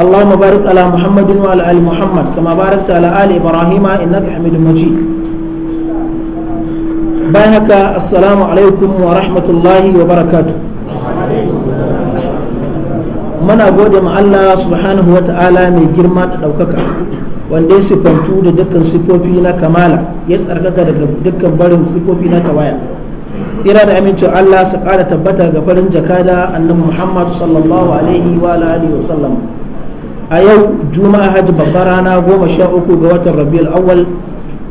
اللهم بارك على محمد وعلى ال محمد كما باركت على ال ابراهيم انك حميد مجيد بارك السلام عليكم ورحمه الله وبركاته muna gode ma Allah subhanahu wa ta'ala mai girma da ɗaukaka wanda ya siffantu da dukkan sifofi na kamala ya tsarkaka daga dukkan barin sifofi na tawaya tsira da amincin Allah su ƙara tabbata ga farin jakada annabi Muhammad sallallahu alaihi wa wa sallam a yau juma'a hajji babbar rana goma sha uku ga watan rabiul awwal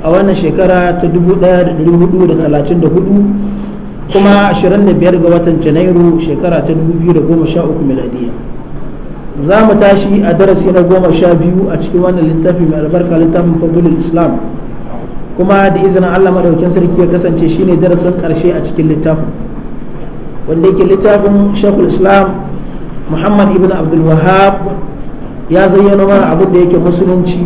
a wannan shekara ta dubu daya da da da hudu talatin hudu kuma ashirin da biyar ga watan janairu shekara ta dubu biyu da goma sha 2013 miladiya za mu tashi a darasi na goma sha biyu a cikin wannan littafi mai albarka littafin fadulul islam kuma da izinin allah maɗaukin sarki ya kasance shine darasin ƙarshe a cikin littafin wanda yake littafin shekul islam muhammad ibn abdul wahab ya zayyana mana abin da yake musulunci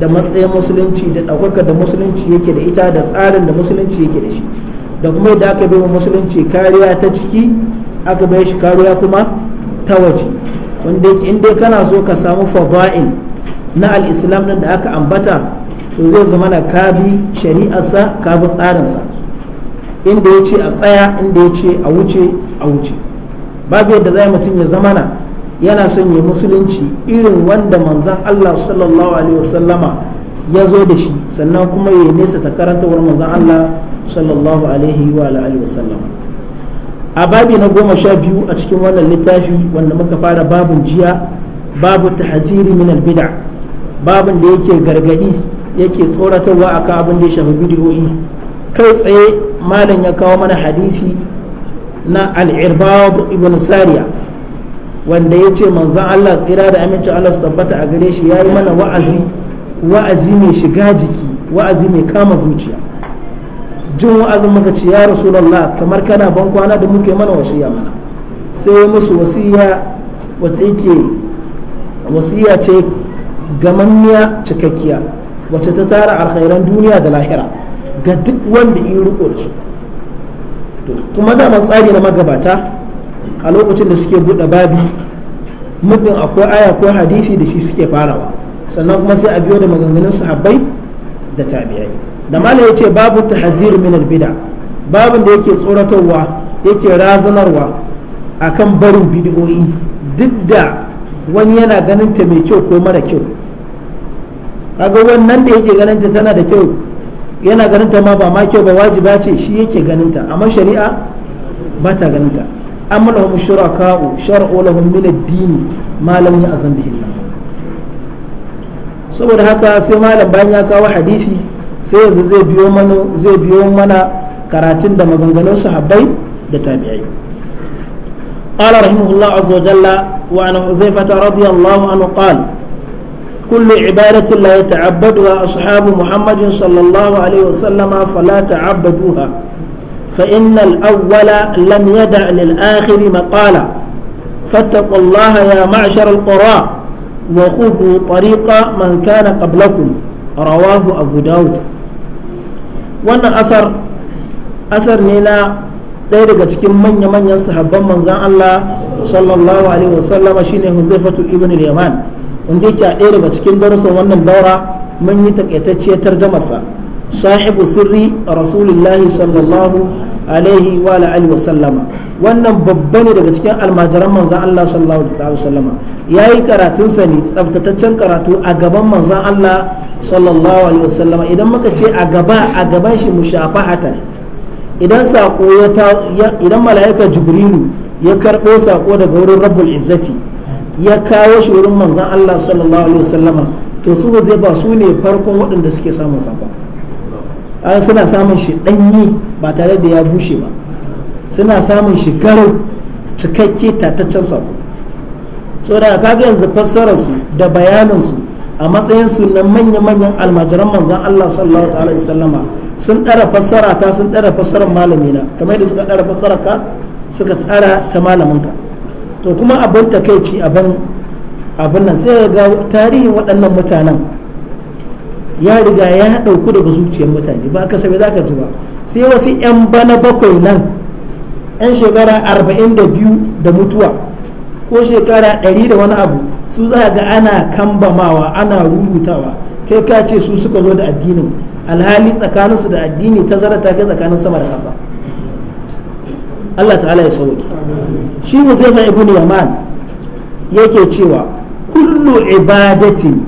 da matsayin musulunci da ɗaukaka da musulunci yake da ita da tsarin da musulunci yake da shi da kuma yadda aka bai wa musulunci kariya ta ciki aka bai shi kariya kuma ta waje wanda yake in dai kana so ka samu fada'il na al'islam nan da aka ambata to zai zama na ka bi shari'arsa ka bi tsarinsa inda ya ce a tsaya inda ya ce a wuce a wuce babu yadda zai mutum ya zama na. yana son ya musulunci irin wanda manzan Allah sallallahu alaihi wasallama ya zo da shi sannan kuma ya nesa ta karantawar manzan Allah sallallahu alaihi wa alihi wasallama a babi na goma sha biyu a cikin wannan littafi wanda muka fara babun jiya babu tahziri min bida babun da yake gargadi yake tsoratarwa akan abin da ya shafi bidiyoyi kai tsaye malam ya kawo mana hadisi na al-irbad ibn sariya wanda ya ce manzan Allah tsira da amincin Allah su tabbata a gare shi ya yi mana wa'azi wa'azi mai shiga jiki wa'azi mai kama zuciya jin wa'azin muka ce ya rasulallah kamar kana ban kwana da muke mana wasiya mana sai ya musu wasiya wata yake wasiya ce gamanniya cikakkiya wacce ta tara alkhairan duniya da lahira ga duk wanda in riko da su kuma daman tsari na magabata a lokacin da suke buɗe babi muddin akwai aya ko hadisi da shi suke farawa sannan kuma sai a biyo da maganganun sahabbai da tabi'ai da mala ya ce babu tahzir min bid'a babin da yake tsoratarwa yake razanarwa akan barin bid'o'i duk da wani yana ganin ta mai kyau ko mara kyau kaga wannan da yake ganin ta tana da kyau yana ganin ta ma ba ma kyau ba wajiba ce shi yake ganin ta amma shari'a ba ta ganin ta am lahum shuraka'u shar'u lahum min ad-din ma lam ya'zan bihi Allah saboda haka sai malam bayan ya kawo hadisi sai yanzu zai biyo mana zai biyo mana karatun da maganganun sahabbai da tabi'ai قال رحمه الله عز وجل وعن حذيفة رضي الله عنه قال كل عبادة لا يتعبدها أصحاب محمد صلى الله عليه وسلم فلا تعبدوها فإن الأول لم يدع للآخر مقالا فاتقوا الله يا معشر القراء وخذوا طريق من كان قبلكم رواه أبو داود وانا أثر أثر نينا ɗaya daga cikin manya-manyan sahabban manzan Allah sallallahu alaihi wasallama shine huzaifatu ibn yaman wanda yake ɗaya daga cikin darussan wannan daura mun yi takaitacciyar tarjamarsa sahibu sirri rasulullahi sallallahu alaihi wa alihi wa sallama wannan babba ne daga cikin almajiran manzan Allah sallallahu alaihi wa sallama yayi karatun sa ne tsabtataccen karatu a gaban manzan Allah sallallahu alaihi wa sallama idan muka ce a gaba a gaban shi mushafahatan idan sako ya idan malaika jibrilu ya karbo sako daga wurin rabbul izzati ya kawo shi wurin manzan Allah sallallahu alaihi wa sallama to su zai ba su ne farkon waɗanda suke samun sako kaga suna samun shi ɗanye ba tare da ya bushe ba suna samun shi cikakke tataccen sako saboda kaga yanzu fassarar su da bayanin su a matsayin su na manya-manyan almajiran manzan Allah sallallahu ta'ala wa sallama sun ɗara fassara ta sun ɗara fassarar malamina kamar yadda suka ɗara fassara ka suka ɗara ta malaminka to kuma abin takaici abin abin nan sai ga tarihin waɗannan mutanen ya riga ya ɗauku daga zuciyar mutane ba ka sabi za ka ji ba sai wasu 'yan bana bakwai nan 'yan shekara arba'in da biyu da mutuwa ko shekara ɗari da wani abu su za ga ana kambamawa ana rubutawa kai ka ce su suka zo da addinin alhali tsakaninsu da addini ta zara ta kai tsakanin sama da ƙasa Allah ta'ala ya sauki shi mutaifa ibn yaman yake cewa kullu ibadatin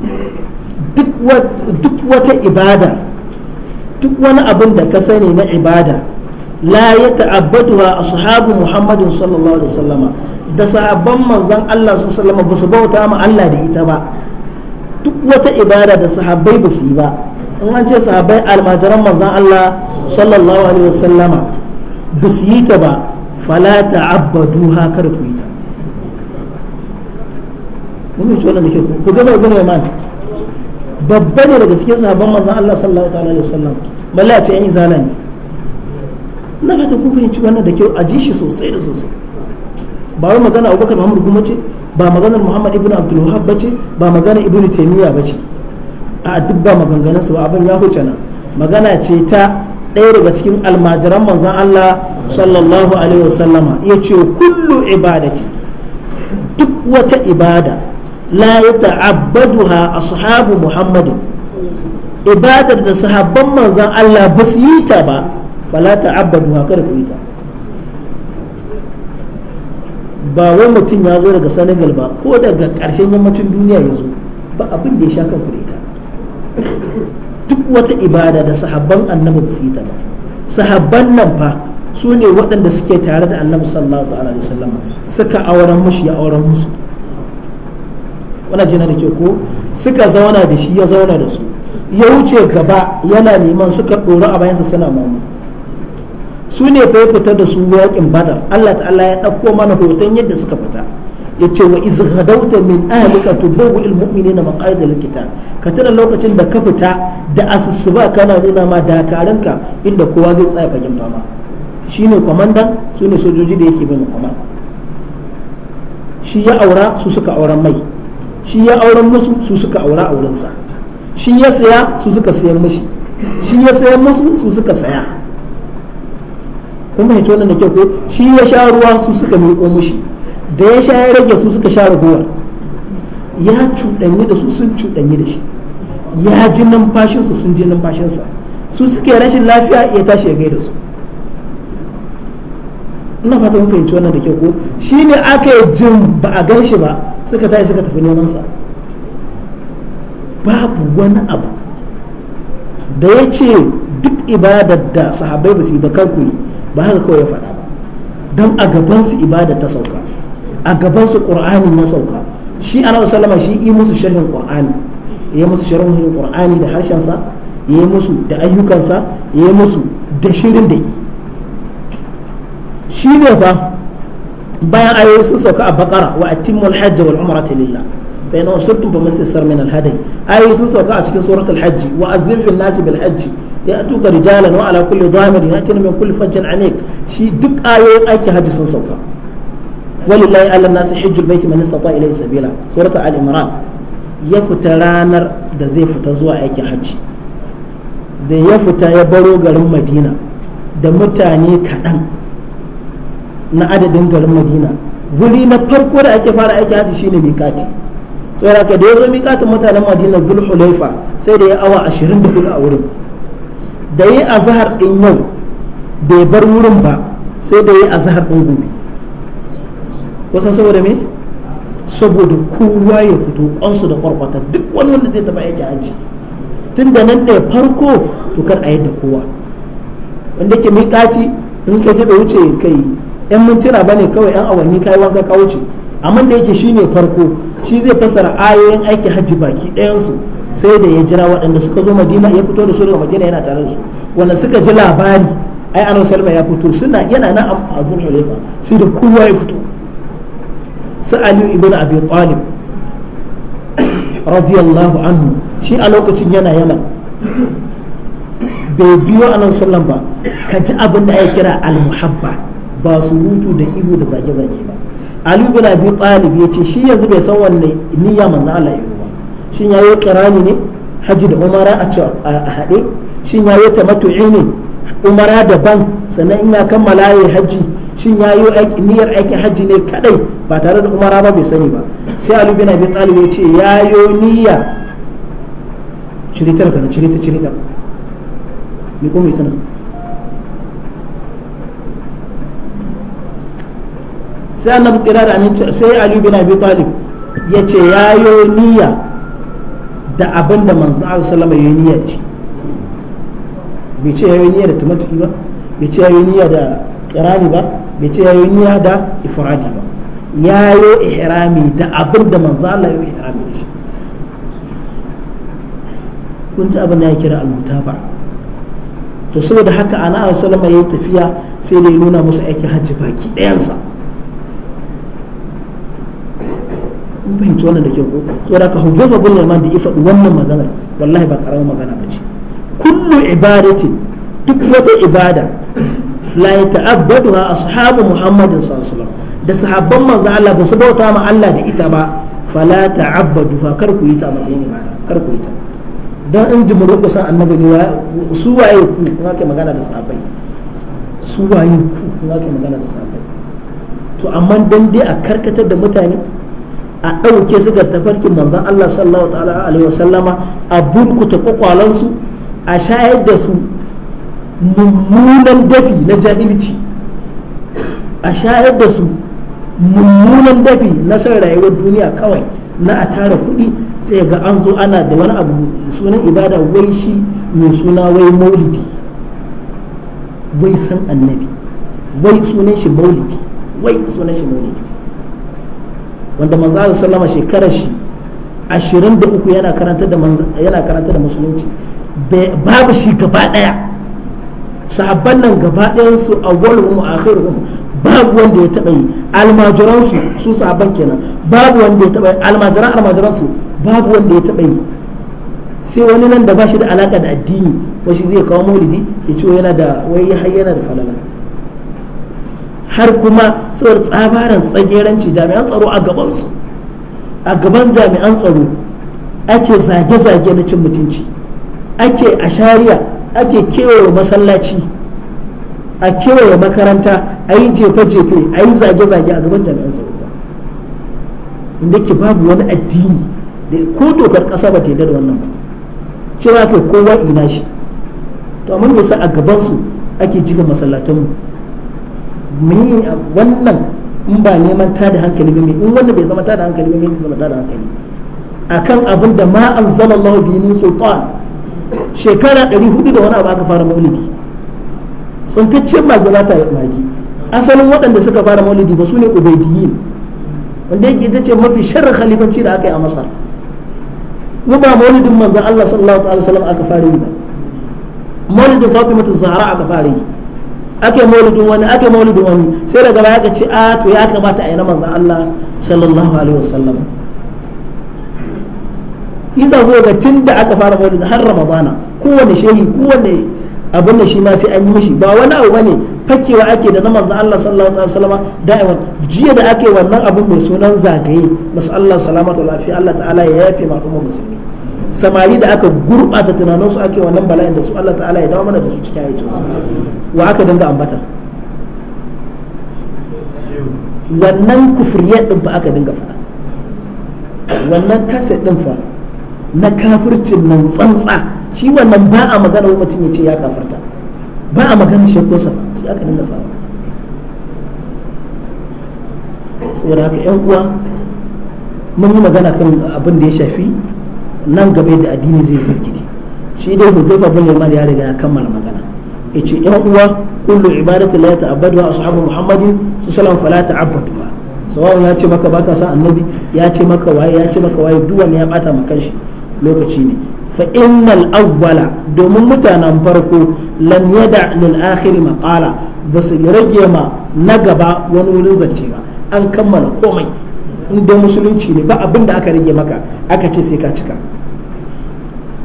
duk wata ibada duk wani abin da ka sani na ibada la ya a ashabu muhammadin sallallahu alaihi wasallama da sahabban manzon Allah sallallahu alaihi ba su bauta ma Allah da ita ba duk wata ibada da sahabbai ba su yi ba in an ce sahabbai almajiran manzon Allah sallallahu alaihi wasallama ba su yi ta ba fala ta'abbaduha kar ku yi ta mun yi wannan da ke ku gaba mai babba ne daga cikin sahabban manzan Allah sallallahu alaihi wasallam balle a ce yan izala ne na fata kun fahimci wannan da kyau a ji shi sosai da sosai ba wai magana Abubakar Muhammad Guma ce ba maganar Muhammad ibn Abdul ba ce ba maganar Ibn Taymiyyah ce a duk ba maganganun su ba abin ya huce na magana ce ta ɗaya daga cikin almajiran manzan Allah sallallahu alaihi wasallama ce kullu ibadati duk wata ibada la yata'abbaduha ashabu muhammadin ibadar da sahabban manzan Allah ba su yi ta ba fala ta'abbaduha kada ku yi ta mutum ya zo daga Senegal ba ko daga karshen yammacin duniya ya zo ba abin ya sha kan ku duk wata ibada da sahaban annabi ba su yi ba sahabban nan fa su ne waɗanda suke tare da annabi sallallahu alaihi wasallam suka auren auren musu wana jina da ke ko suka zauna da shi ya zauna da su ya wuce gaba yana neman suka ɗoro a bayansa suna mamu su ne fa ya fitar da su yaƙin badar Allah ta'ala ya ɗauko mana hoton yadda suka fita ya ce wa iz gadauta min ahlika tubawwi al na maqaida da likita ka tana lokacin da ka fita da asusuba kana nuna ma dakaranka inda kowa zai tsaya fagen fama shine kwamandan su ne sojoji da yake bin kwamandan shi ya aura su suka auren mai shi ya auren musu su suka aura aurensa wurinsa shi ya saya su suka sayar mashi shi ya sayar musu su suka saya kuma hito nan da kyau ko shi ya sha ruwa su suka miƙo mashi da ya sha ya rage su suka sha ruwa ya cuɗanyi da su sun cuɗanyi da shi ya ji numfashinsu sun ji numfashinsa su suke rashin lafiya ya tashi ya gaida su ina fata mun fahimci wannan da ke ko shi ne aka yi jin ba a gan shi ba suka tashi suka tafi neman sa babu wani abu da ya ce duk ibadar da sahabbai ba su yi ba kar ku yi ba haka kawai ya faɗa ba don a gabansu ibada ta sauka a gabansu ƙur'ani na sauka shi ana sallama shi yi musu sharhin qur'ani ya musu sharhin qur'ani da harshensa ya yi musu da ayyukansa ya yi musu da shirin da yi shi ne fa bayan ayoyi sun sauka a bakara wa atimmul hajji wal umrata lillah fa in usurtum fa mastasar min al hadi ayoyi sun sauka a cikin suratul hajji wa azzim fil nas bil hajji ya'tuka rijalan wa ala kulli damir yatina min kulli fajjin anik shi duk ayoyin aiki hajji sun sauka walillahi ala nas hajjul baiti man istata ilayhi sabila suratul al imran ya fita ranar da zai fita zuwa aikin hajji da ya fita ya baro garin madina da mutane kaɗan na adadin garin madina guri na farko da ake fara aiki hajji shine mikati saboda ka da ya zo mikati mutanen madina zulhulaifa sai da ya awa ashirin da hudu a wurin da ya a azahar din yau bai bar wurin ba sai da ya a azahar din gobe wasan saboda me saboda kowa ya fito kwansu da kwarkwata duk wani wanda zai taba aiki hajji tun da nan ne farko to a yadda kowa wanda ke mikati in ka je wuce kai yan mintuna bane kawai yan awanni kai wanka ka wuce amma da yake shine farko shi zai fassara ayoyin aiki hajji baki ɗayan su sai da ya jira waɗanda suka zo madina ya fito da su daga madina yana tare da su wanda suka ji labari ai anan salma ya fito suna yana na a hulaifa sai da kowa ya fito su ali ibn abi talib radiyallahu anhu shi a lokacin yana yana bai biyo anan sallan ba ka ji abin da ya kira al-muhabba ba su rutu da ihu da zage-zage ba ali bin abi talib ya ce shi yanzu bai san wanne niyya manzo Allah ya yi ba shin yayi kirani ne haji da umara a haɗe shin yayi tamattu'i ne umara daban sannan in ya kammala ya hajji shin yayi niyyar aiki haji ne kadai ba tare da umara ba bai sani ba sai ali bin abi talib ya ce yayo niyya ciritar ka na cirita ciritar ni kuma ita sai annabi tsira da aminci sai ali bin abi talib ya ce ya yi niyya da abin da manzo Allah sallama ya yi niyya ci bai ce ya yi niyya da tumatuki ba bai ce ya yi niyya da kirani ba bai ce ya yi niyya da ifradi ba ya yi ihrami da abin da manzo ala ya yi ihrami da shi kun ji abin da ya kira al ba to saboda haka ana sallama ya yi tafiya sai da ya nuna musu aikin hajji baki ɗayansa fahimci wannan da ke ko saboda ka hujjafa bin yaman da ifa wannan magana wallahi ba karamin magana bace kullu ibadatin duk wata ibada la yata'abbaduha ashabu muhammadin sallallahu alaihi wasallam da sahabban manzo Allah ba su bauta ma Allah da ita ba fala ta'abbadu fa kar ku yi ta matsayin ibada kar ku yi ta dan in jumhur ku san annabi ne su waye ku kuma ke magana da sahabbai su waye ku kuma ke magana da sahabbai to amma dan dai a karkatar da mutane a ɗauke su ga tafarkin manzan Allah sallallahu alaihi wasallama a burkuta kwakwalansu a shayar da su mummunan dafi na jahilci a shayar da su mummunan dafi na san rayuwar duniya kawai na a tara kuɗi sai ga an zo ana da wani abu sunan ibada wai shi mai suna wai maulidi wai san annabi wai sunan shi maulidi wai sunan shi maulidi wanda manzo Allah sallama shekarar shi 23 yana karanta da yana karanta da musulunci babu shi gaba daya sahabban nan gaba ɗayan su awwaluhum wa akhiruhum babu wanda ya taba yi almajiran su su sahabban kenan babu wanda ya taba yi almajiran almajiran su babu wanda ya taba yi sai wani nan da bashi da alaka da addini shi zai kawo maulidi ya ce yana da wai har yana da falala har kuma saboda tsabaran tsageranci jami'an tsaro a gabansu a gaban jami'an tsaro ake zage-zage na cin mutunci ake a shari'a ake kewaye masallaci a kewaye makaranta a yi jefe-jefe a yi zage-zage a gaban jami'an tsaro inda ke babu wani addini da ko dokar kasa ba ta yi da wannan ba cewa kai kowa ina shi to amma me yasa a gabansu su ake jiga masallatanmu me wannan in ba neman da hankali ba in wannan bai zama ta da hankali ba me zama da hankali akan abin da ma anzalallahu bi min sultan shekara 400 da wani abu aka fara maulidi tsintaccen magi ba ta magi asalin waɗanda suka fara maulidi ba su ne ubaidiyin wanda yake ita ce mafi sharri khalifanci da aka yi a masar mu ba maulidin manzan Allah sallallahu alaihi wasallam aka fara yi ba maulidin fatimatu zahra aka fara yi ake maulidin wani ake maulidin wani sai daga baya ka ce a to ya kamata a yi na manzan Allah sallallahu alaihi wasallam yasa ko ga tun da aka fara maulidin har ramadana kowane shehi kowane abin da shi ma sai an yi mishi ba wani abu bane fakewa ake da na manzan Allah sallallahu alaihi wasallam da'iwa jiya da ake wannan abin mai sunan zagaye masu Allah salamatu lafiya Allah ta'ala ya yafe ma'umma musulmi samari da aka gurɓata su ake wannan bala'in da su Allah ta'ala ya dawo mana da su cikin haicinsu wa aka dinga ambata wannan kufriyar din fa aka dinga faɗa wannan kaset din fa na kafircin nan tsantsa shi wannan ba a magana mutum ya ce ya kafirta ba a magana ko sa shi aka dinga sawa saboda haka yan uwa mun yi magana kan abin da ya shafi nan gaba da addini zai zirkiti shi dai huzaifa bin yaman ya riga ya kammala magana ce yan uwa kullu ibadatu la ta'abbadu ashabu muhammadin salam fala ta'abbadu ba sawa'un ya ce maka baka sa annabi ya ce maka waye ya ce maka waye duwan ya bata maka shi lokaci ne fa innal awwala domin mutanen farko lam yada lil akhir maqala ba su rage ma na gaba wani wurin zance ba an kammala komai in dai musulunci ne ba abin da aka rage maka aka ce sai ka cika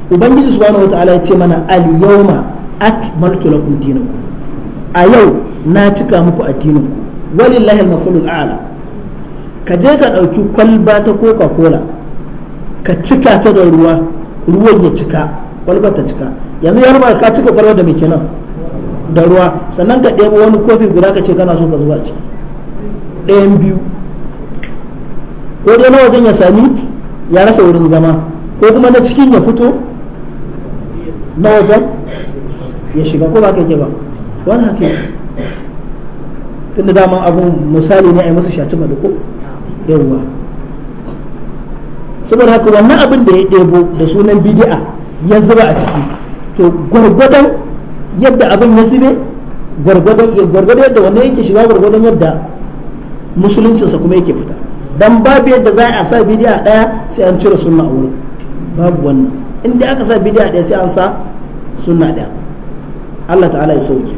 ubangiji subhanahu wataala ya ce mana al yawma akmaltu lakum dinakum a yau na cika muku addinin ku walillahi al-mafalul a'la ka je ka dauki kwalba ta coca cola ka cika ta da ruwa ruwan ya cika kwalba ta cika yanzu ya rubar ka cika kwalba da mai da ruwa sannan ka ɗebo wani kofi guda ka ce kana so ka zuba ciki ɗayan biyu ko dai na wajen ya sami ya rasa wurin zama ko kuma na cikin ya fito na wajen ya shiga ko ba ka yake ba wani haka tun da dama abun misali ne a yi masa shaci da ko yawwa saboda haka wannan abin da ya ɗebo da sunan bidi'a ya zuba a ciki to gwargwadon yadda abin ya zube gwargwadon yadda wannan yake shiga gwargwadon yadda sa kuma yake fita dan babu yadda za a sa bidiya daya sai an cire sunna a wurin babu wannan in aka sa bidiya daya sai an sa sunna daya Allah ta'ala ya sauke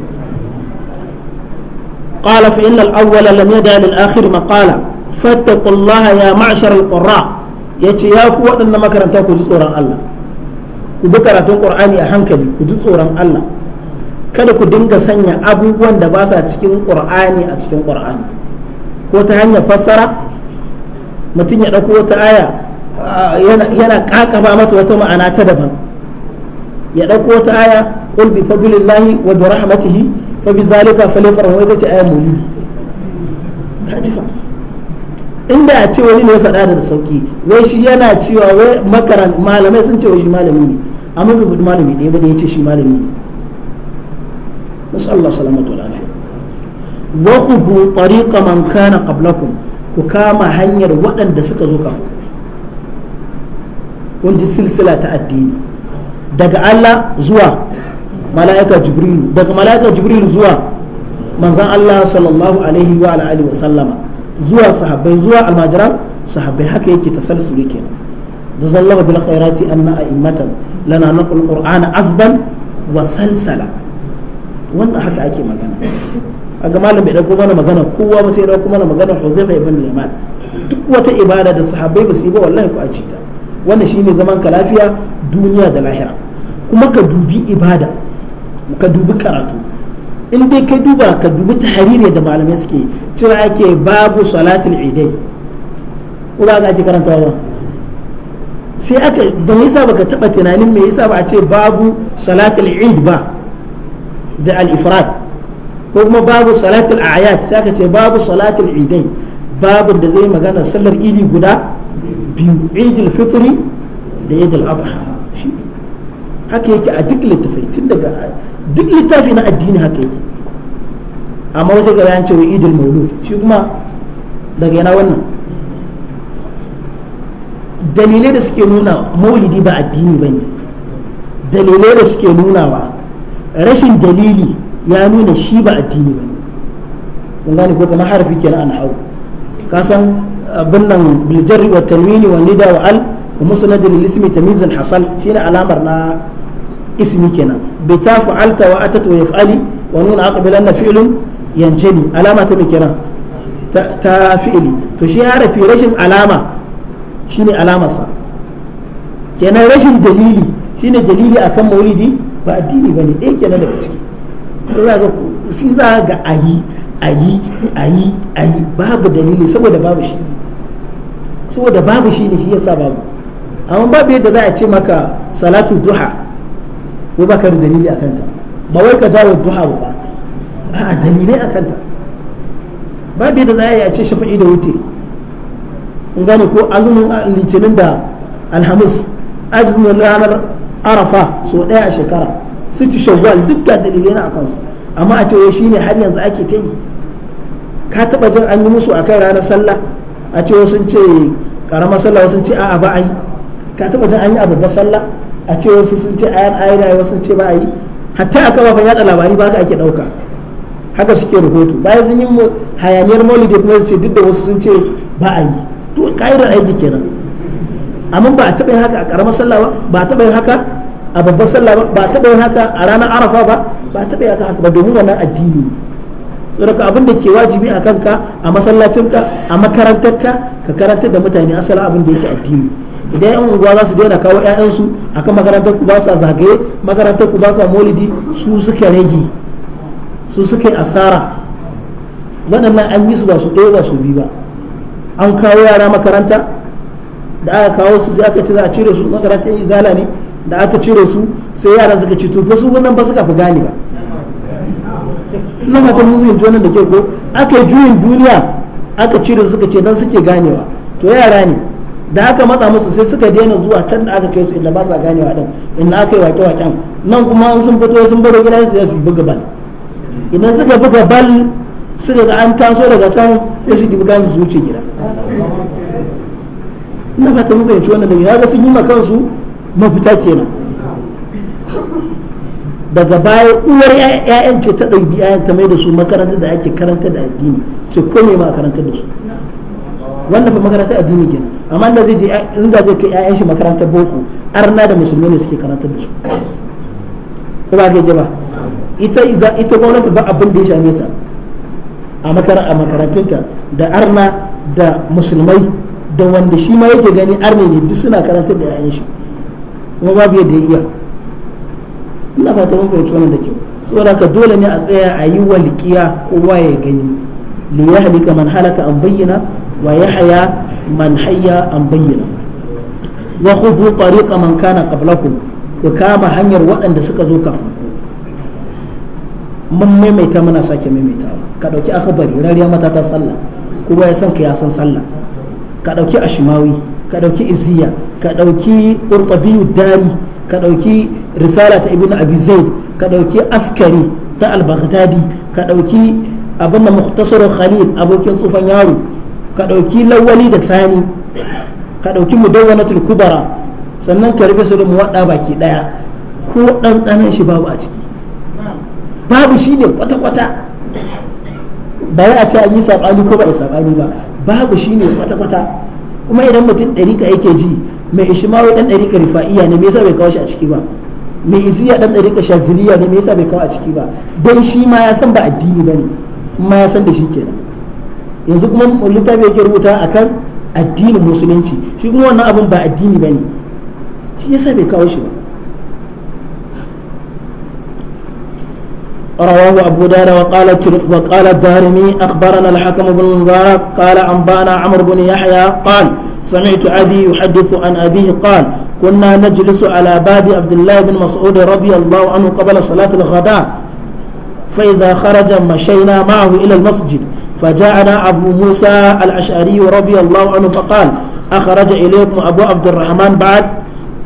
قال فإن الأول لم يدع للآخر مقالا فاتقوا ya يا معشر القراء يتي ya كو ودن makaranta ku كو tsoron allah ku bi karatun qur'ani a hankali ku ji tsoron Allah kada ku dinga sanya abubuwan da ba sa cikin qur'ani a cikin qur'ani ko ta hanyar fassara mutum ya ɗauko wata aya yana ƙaƙaba mata wata ma'ana ta daban ya ɗauko wata aya qul bi fadlillahi wa bi rahmatihi fa bi zalika falyafrahu wa ce aya maulidi kaji fa inda a ce wani ne ya faɗa da sauki wai shi yana cewa wai makaran malamai sun ce wai shi malami ne amma bai budu malami ne ba da ya ce shi malami ne nasu Allah salamatu lafiya wa khudhu tariqa man kana qablakum ku kama hanyar waɗanda suka zo kafin kun ji silsila ta addini daga Allah zuwa mala'ika jibrilu daga mala'ika jibrilu zuwa manzan Allah sallallahu alaihi wa alihi wa sallama zuwa sahabbai zuwa almajiran sahabbai haka yake tasalsuli kenan da zallama bil khairati anna a'immatan lana naqul qur'ana wa salsala wannan haka ake magana kaga malam bai dauko mana magana kowa ba sai ya dauko mana magana Huzaifa ibn Yaman duk wata ibada da sahabbai ba su yi ba wallahi ku aji ta wannan shine zaman ka lafiya duniya da lahira kuma ka dubi ibada ka dubi karatu in dai ka duba ka dubi tahariri da malamai suke cewa ake babu salatul idai ko ba ka ake karantawa ba sai aka da me yasa baka taba tunanin mai yasa ba a ce babu salatul id ba da al-ifrad ko kuma babu salatul a'yad sai ka ce babu salatul idai babu da zai magana sallar idi guda biyu idil fitri da idil adha shi haka yake a duk littafai tun daga duk littafi na addini haka yake amma wasu ga yan cewa idil maulud shi kuma daga yana wannan dalilai da suke nuna maulidi ba addini bane dalilai da suke nunawa rashin dalili ya nuna shi ba addini ba kun gane ko kamar harafi kenan an hau ka san abin nan biljarri wa tanwini wa nida wa al wa musnadin ismi tamizin hasal shine alamar na ismi kenan bai ta fa'alta wa ta wa yaf'ali wa nuna na fi'lun yanjali alama ta mai kenan ta fi'ili to shi harafi rashin alama shine alamarsa kenan rashin dalili shine dalili akan maulidi ba addini bane ɗaya kenan daga ciki shi za ga ayi ayi ayi ayi babu dalili saboda babu shi saboda babu shi ne shi yasa babu amma babu yadda za a ce maka salatu duha ko baka da dalili a kanta ba wai ka dawo duha ba a dalilai a kanta babu yadda za a yi a ce shafa'i da wuce in gane ko azumin litinin da alhamis azumin ranar arafa so daya a shekara sittu shawwal duk ga dalilai na akan su amma a ce shine har yanzu ake ta yi ka taba jin an yi musu akan ranar sallah a ce sun ce karamar sallah sun ce a'a ba a yi ka taba jin an yi abu sallah a ce wasu sun ce ayan ayar ayar wasu sun ce ba a yi hatta a kafafen yada labari ba ka ake dauka haka suke rahoto bayan sun yi hayaniyar maulidi kuma ce duk da wasu sun ce ba a yi to ka'idar aiki kenan amma ba a taba yin haka a karamar sallah ba ba a taba yin haka a babbar sallah ba taɓa yin haka a ranar arafa ba ba taɓa yi haka ba domin wannan addini ne don abin da ke wajibi a kanka a masallacinka a makarantarka ka karantar da mutane asalin abin da yake addini idan yan unguwa za su daina kawo 'ya'yansu akan makarantar ku ba su a zagaye makarantar ku ba ka su suka rage su suka asara waɗannan an yi su ba su ɗaya ba su bi ba an kawo yara makaranta da aka kawo su sai aka ce za a cire su makarantar izala ne da aka cire su sai yaran suka ci tufa su wannan ba suka fi gane ba Nan fata musu yin wannan da ke ko aka yi juyin duniya aka cire su suka ce dan suke ganewa to yara ne da aka matsa musu sai suka daina zuwa can da aka kai su inda ba sa ganewa din inda aka yi wake waken nan kuma sun fito sun baro gida su su buga bal idan suka buga bal suka ga an taso daga can sai su ɗibi gansu su wuce gida ina ta muka fahimci wannan da ya ga sun yi ma kansu mafita kenan daga baya uwar ƴaƴan ce ta ɗauki ƴaƴan ta mai da su makarantar da ake karanta da addini sai ne ma a karantar da su wannan ba makarantar addini kenan amma da zai je ka zai kai ƴaƴan shi makarantar boko arna da musulmi ne suke karantar da su ko ba ga ba ita ita gwamnati ba abin da ya shame ta a makarantunta da arna da musulmai da wanda shi ma yake gani arne ne duk suna karantar da 'ya'yan shi kuma babu yadda iya ina fata mun fahimci wannan da kyau saboda ka dole ne a tsaya a yi walƙiya kowa ya gani li yahlika man halaka an bayyana wa yahya man hayya an bayyana wa khufu tariqa man kana qablakum ku kama hanyar waɗanda suka zo kafin ku mun maimaita muna sake maimaitawa ka dauki akhbari rariya mata ta sallah kuma ya san ka ya san sallah ka dauki ashimawi ka dauki iziya ka ɗauki ƙurƙabiyu dari ka ɗauki risala ta ibn abi zaid ka ɗauki askari ta al-baghdadi ka ɗauki abin da muhtasarul khalil abokin tsufan yaro ka ɗauki lawali da sani ka ɗauki mudawwanatul kubara sannan ka rufe su da muwaɗa baki ɗaya ko ɗanɗanan shi babu a ciki babu shi ne kwata-kwata ba ya ce an yi saɓani ko ba a saɓani ba babu shi ne kwata-kwata kuma idan mutum ɗari ka yake ji mai ishmawi dan ɗarika rifa'iya ne me yasa bai kawo shi a ciki ba mai iziya dan ɗarika shafiriya ne me yasa bai kawo a ciki ba dan shi ma ya san ba addini ba ne ma ya san da shi kenan yanzu kuma littafi yake rubuta akan addinin musulunci shi kuma wannan abin ba addini bane shi yasa bai kawo shi ba رواه أبو دار وقال وقال الدارمي أخبرنا الحكم بن مبارك قال أنبانا عمرو بن يحيى قال سمعت أبي يحدث عن أبيه قال كنا نجلس على باب عبد الله بن مسعود رضي الله عنه قبل صلاة الغداء فإذا خرج مشينا معه إلى المسجد فجاءنا أبو موسى الأشعري رضي الله عنه فقال أخرج إليكم أبو عبد الرحمن بعد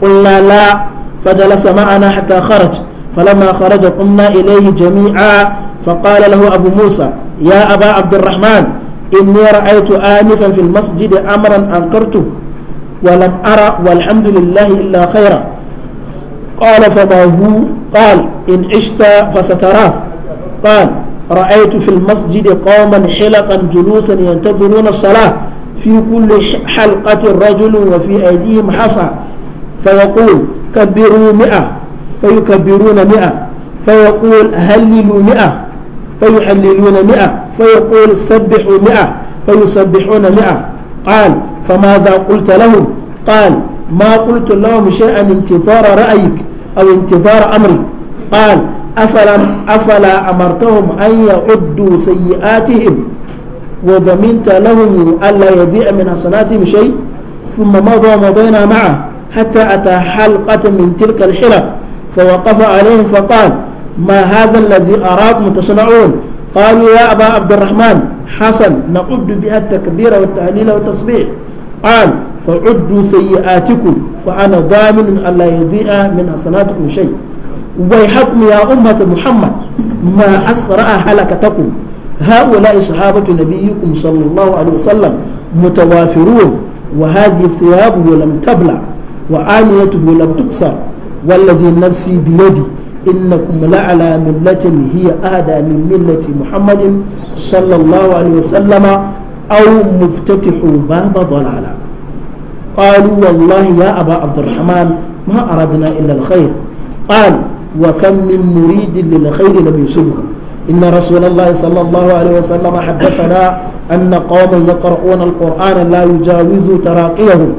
قلنا لا فجلس معنا حتى خرج فلما خرج قمنا إليه جميعا فقال له أبو موسى يا أبا عبد الرحمن إني رأيت آنفا في المسجد أمرا أنكرته ولم أرى والحمد لله إلا خيرا قال فما هو قال إن عشت فستراه قال رأيت في المسجد قوما حلقا جلوسا ينتظرون الصلاة في كل حلقة رجل وفي أيديهم حصى فيقول كبروا مئة فيكبرون مئة فيقول هللوا مئة فيحللون مئة فيقول سبحوا مئة فيسبحون مئة قال فماذا قلت لهم قال ما قلت لهم شيئا انتظار رأيك أو انتظار أمرك قال أفلا, أفلا أمرتهم أن يعدوا سيئاتهم وضمنت لهم ألا يضيع من حسناتهم شيء ثم مضى مضينا معه حتى أتى حلقة من تلك الحلق فوقف عليهم فقال ما هذا الذي أراكم تصنعون قالوا يا أبا عبد الرحمن حسن نعد بها التكبير والتهليل والتصبيح قال فعدوا سيئاتكم فأنا ضامن أن لا يضيع من أصناتكم شيء ويحكم يا أمة محمد ما أسرع هلكتكم هؤلاء صحابة نبيكم صلى الله عليه وسلم متوافرون وهذه ثيابه لم تبلع وآنيته لم تكسر والذي نفسي بيدي إنكم لعلى ملة هي أهدى من ملة محمد صلى الله عليه وسلم أو مفتتح باب ضلالة قالوا والله يا أبا عبد الرحمن ما أردنا إلا الخير قال وكم من مريد للخير لم يصبه إن رسول الله صلى الله عليه وسلم حدثنا أن قوما يقرؤون القرآن لا يجاوز تراقيهم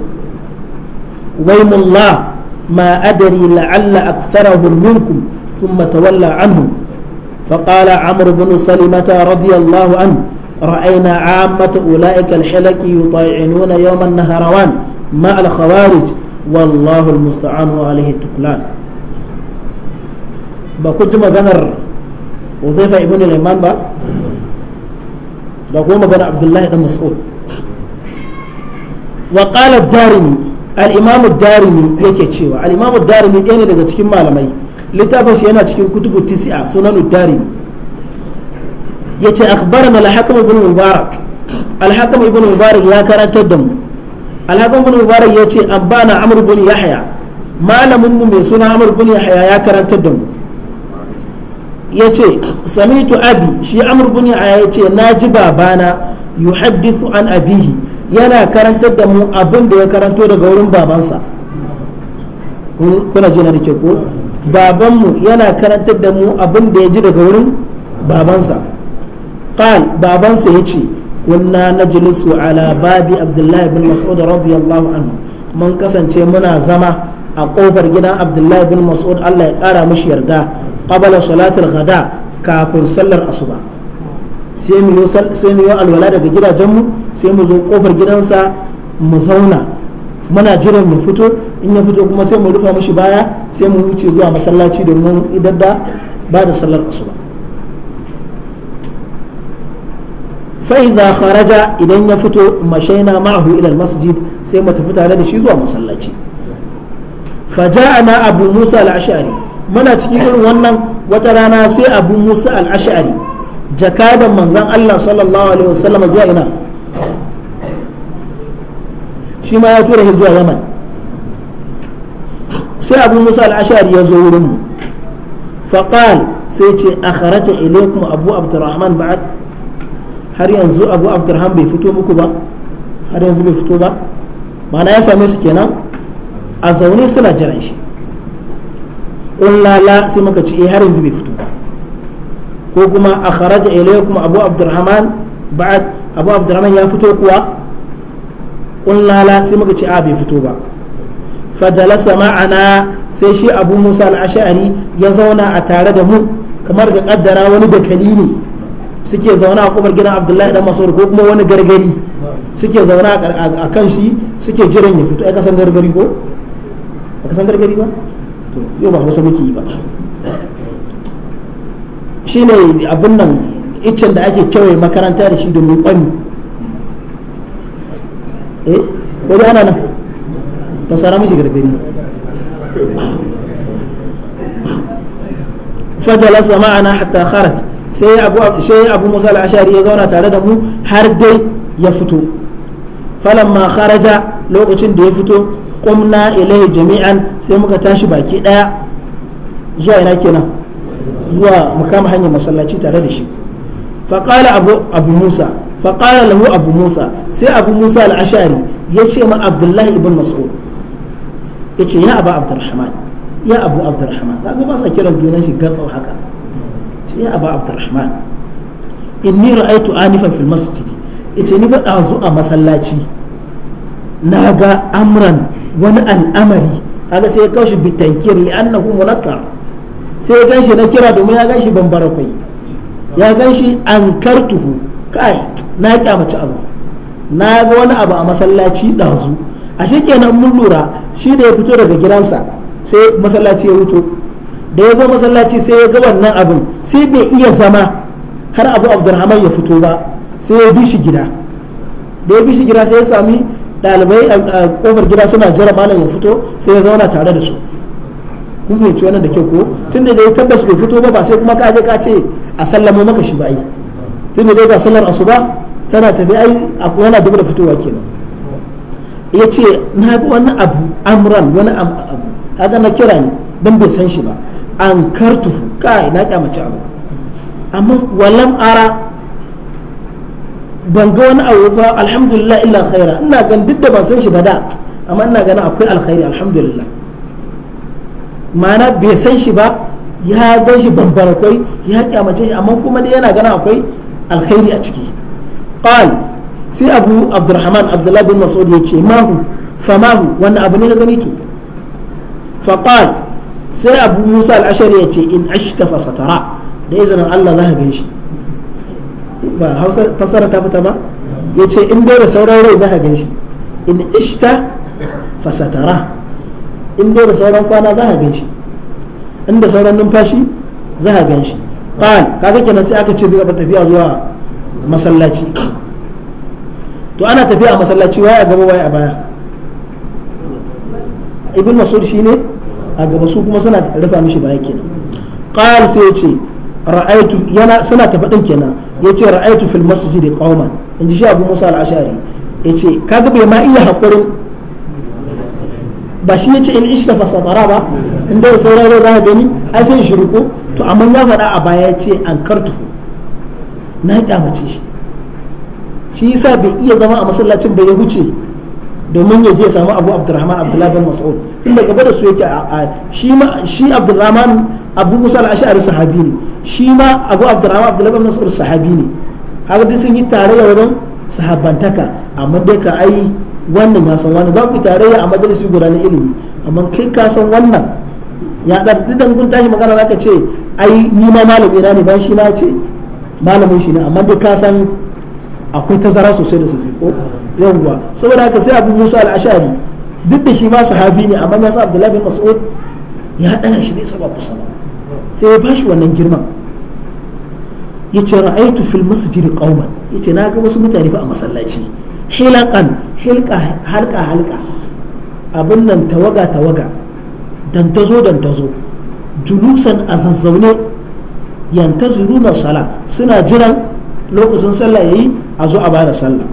ويم الله ما أدري لعل أكثرهم منكم ثم تولى عنهم فقال عمرو بن سلمة رضي الله عنه رأينا عامة أولئك الحلك يطيعنون يوم النهروان مع الخوارج والله المستعان عليه التكلان بكنت مغنر وظيفة ابن الإمام با بقوم مغنى عبد الله بن مسعود وقال الدارمي al'imamu darimi yake cewa al'imamu darimi ɗaya ne daga cikin malamai littafin shi yana cikin kutubu tisi'a sunan darimi ya ce akhbarana na hakam ibn mubarak al ibn mubarak ya karantar da mu al ibn mubarak ya ce an bana amur ibn yahya malamin mu mai suna amur ibn yahya ya karantar da mu ya ce samitu abi shi amur ibn yahya ya ce na ji babana yuhaddithu an abihi yana karantar da mu abin da ya karanto daga wurin babansa kuna jina da ke ko babanmu yana karantar da mu abin da ya ji daga wurin babansa qal babansa ya ce kunna najlisu ala babi abdullahi bin mas'ud radiyallahu anhu mun kasance muna zama a kofar gidan abdullahi bin mas'ud Allah ya kara mishi yarda qabala salatul ghada kafin sallar asuba sai mu yi alwala daga gidajenmu sai mu zo kofar gidansa mu zauna muna jiran ya fito in ya fito kuma sai mu rufa mashi baya sai mu wuce zuwa masallaci domin idan da ba da sallar asuba fa'iza kharaja idan ya fito mashaina ma'ahu ilal masjid sai mu tafi tare da shi zuwa masallaci faja'ana abu musa al-ash'ari muna cikin irin wannan wata rana sai abu musa al-ash'ari jakadan manzan Allah sallallahu alaihi wasallam zuwa ina shi ma ya tura shi zuwa yaman sai abu musa al'ashari ya zo wurin mu faƙal sai ce a kharaja ilaikum abu abdurrahman ba'ad har yanzu abu abdurrahman bai fito muku ba har yanzu bai fito ba ma'ana ya same su kenan a zaune suna jiran shi la sai muka ce eh har yanzu bai fito ba ko kuma a kharaja ilaykum abu abdurrahman ba'ad abu abdurrahman ya fito kuwa qulna la sai muka ce a bai fito ba fa jalasa ma'ana sai shi abu musa al-ash'ari ya zauna a tare da mu kamar ga kaddara wani dakali ne suke zauna a kubar gidan abdullahi dan masaur ko kuma wani gargari suke zauna a kan shi suke jiran ya fito ai kasan gargari ko kasan gargari ba to yau ba hausa muke yi ba shine abin nan iccen da ake kewaye makaranta da shi domin kwami eh wajen ana nan ta sara mashi gargari fajalasa ma'ana hatta kharaj sai abu sai abu musa al-ashari ya zauna tare da mu har dai ya fito falamma kharaja lokacin da ya fito kumna ilaihi jami'an sai muka tashi baki daya zuwa ina kenan zuwa mu kama hanyar masallaci tare da shi faƙala abu musa faƙala lahu abu musa sai abu musa al'ashari ya ce ma abdullahi ibn mas'ud ya ce ya abu abdurrahman ya abu abdurrahman kaga ba sa kiran junan shi gatsau haka ce ya abu abdurrahman inni ra'aitu anifan fil masjid ita ni faɗa zu a masallaci na ga amran wani al'amari haka sai ya kawo shi bitankir li annahu munakka sai ya ganshi na kira domin ya ganshi ban bara kwai ya ganshi an kartuhu kai na kyamaci abu na ga wani abu a masallaci ɗazu a shi kenan mun lura shi da ya fito daga gidansa sai masallaci ya wuto da ya zo masallaci sai ya ga wannan abin sai bai iya zama har abu abdurrahman ya fito ba sai ya bi shi gida da ya bi shi gida sai ya sami dalibai a kofar gida suna jira malam ya fito sai ya zauna tare da su kun fahimci wannan da kyau ko da dai tabbas bai fito ba ba sai kuma ka ka ce a sallama maka shi ba yi tun da dai ga sallar asuba tana tafi ai yana dubu da fitowa kenan ya ce na ga wani abu amran wani abu haka na kira ni dan bai san shi ba an kartuhu kai na kyamace abu amma walam ara ban ga wani abu ba alhamdulillah illa khaira ina gan duk da ban san shi ba da amma ina ganin akwai alkhairi alhamdulillah ma'ana bai san shi ba ya gan shi bambara akwai ya kyamace shi amma kuma dai yana gana akwai alkhairi a ciki qal sai abu abdurrahman abdullahi bin mas'ud ya ce mahu famahu wannan abu ne ka gani to fa qal sai abu musa al-ashari ya ce in ashta fa satara da izinin Allah za ka gan shi ba hausa fasara ta fita ba ya ce in dai da sauran rai za ka gan shi in ishta fa satara in dai da sauran kwana za a gan shi in sauran numfashi za a gan shi qal kaga kenan sai aka ce zai gaba tafiya zuwa masallaci to ana tafiya a masallaci waye a gaba waye a baya ibn mas'ud shine a gaba su kuma suna rufa mishi baya kenan qal sai ya ce ra'aitu yana suna ta faɗin kenan yace ra'aitu fil masjidi qauman in ji shi abu musa al-ashari yace kaga bai ma iya haƙurin. ba shi ce in ishta fa satara ba inda ya saura da za gani ai sai shi ko to amma ya faɗa a baya ya ce an kartu na kyamace shi shi yasa bai iya zama a masallacin bai ya huce domin ya je samu abu abdurrahman abdullahi bin mas'ud tun daga gaba da su yake shi ma shi abdurrahman abu musa al-ash'ari sahabi ne shi ma abu abdurrahman abdullahi bin mas'ud sahabi ne dai sun yi tare da wajen sahabbantaka amma dai ka ai wannan ya san wannan za ku tarayya a majalisi guda na ilimi amma kai ka san wannan ya da ɗan kun tashi magana zaka ce ai ni ma malami na ne ban shi na ce malamin shi ne amma dai ka san akwai tazara sosai da sosai ko yawwa saboda haka sai abu musa al-ashari duk da shi ma sahabi ne amma ya san abdullahi bin mas'ud ya dana shi ne saba kusa ba sai ya bashi wannan girman yace ra'aitu fil masjid qauman yace na ga wasu mutane fa a masallaci hilakan hilka halka halka abin nan tawaga tawaga dantazo dantazo julusan a zazzaune yantazuru na sala suna jiran lokacin sallah yayi a zo a bada sallah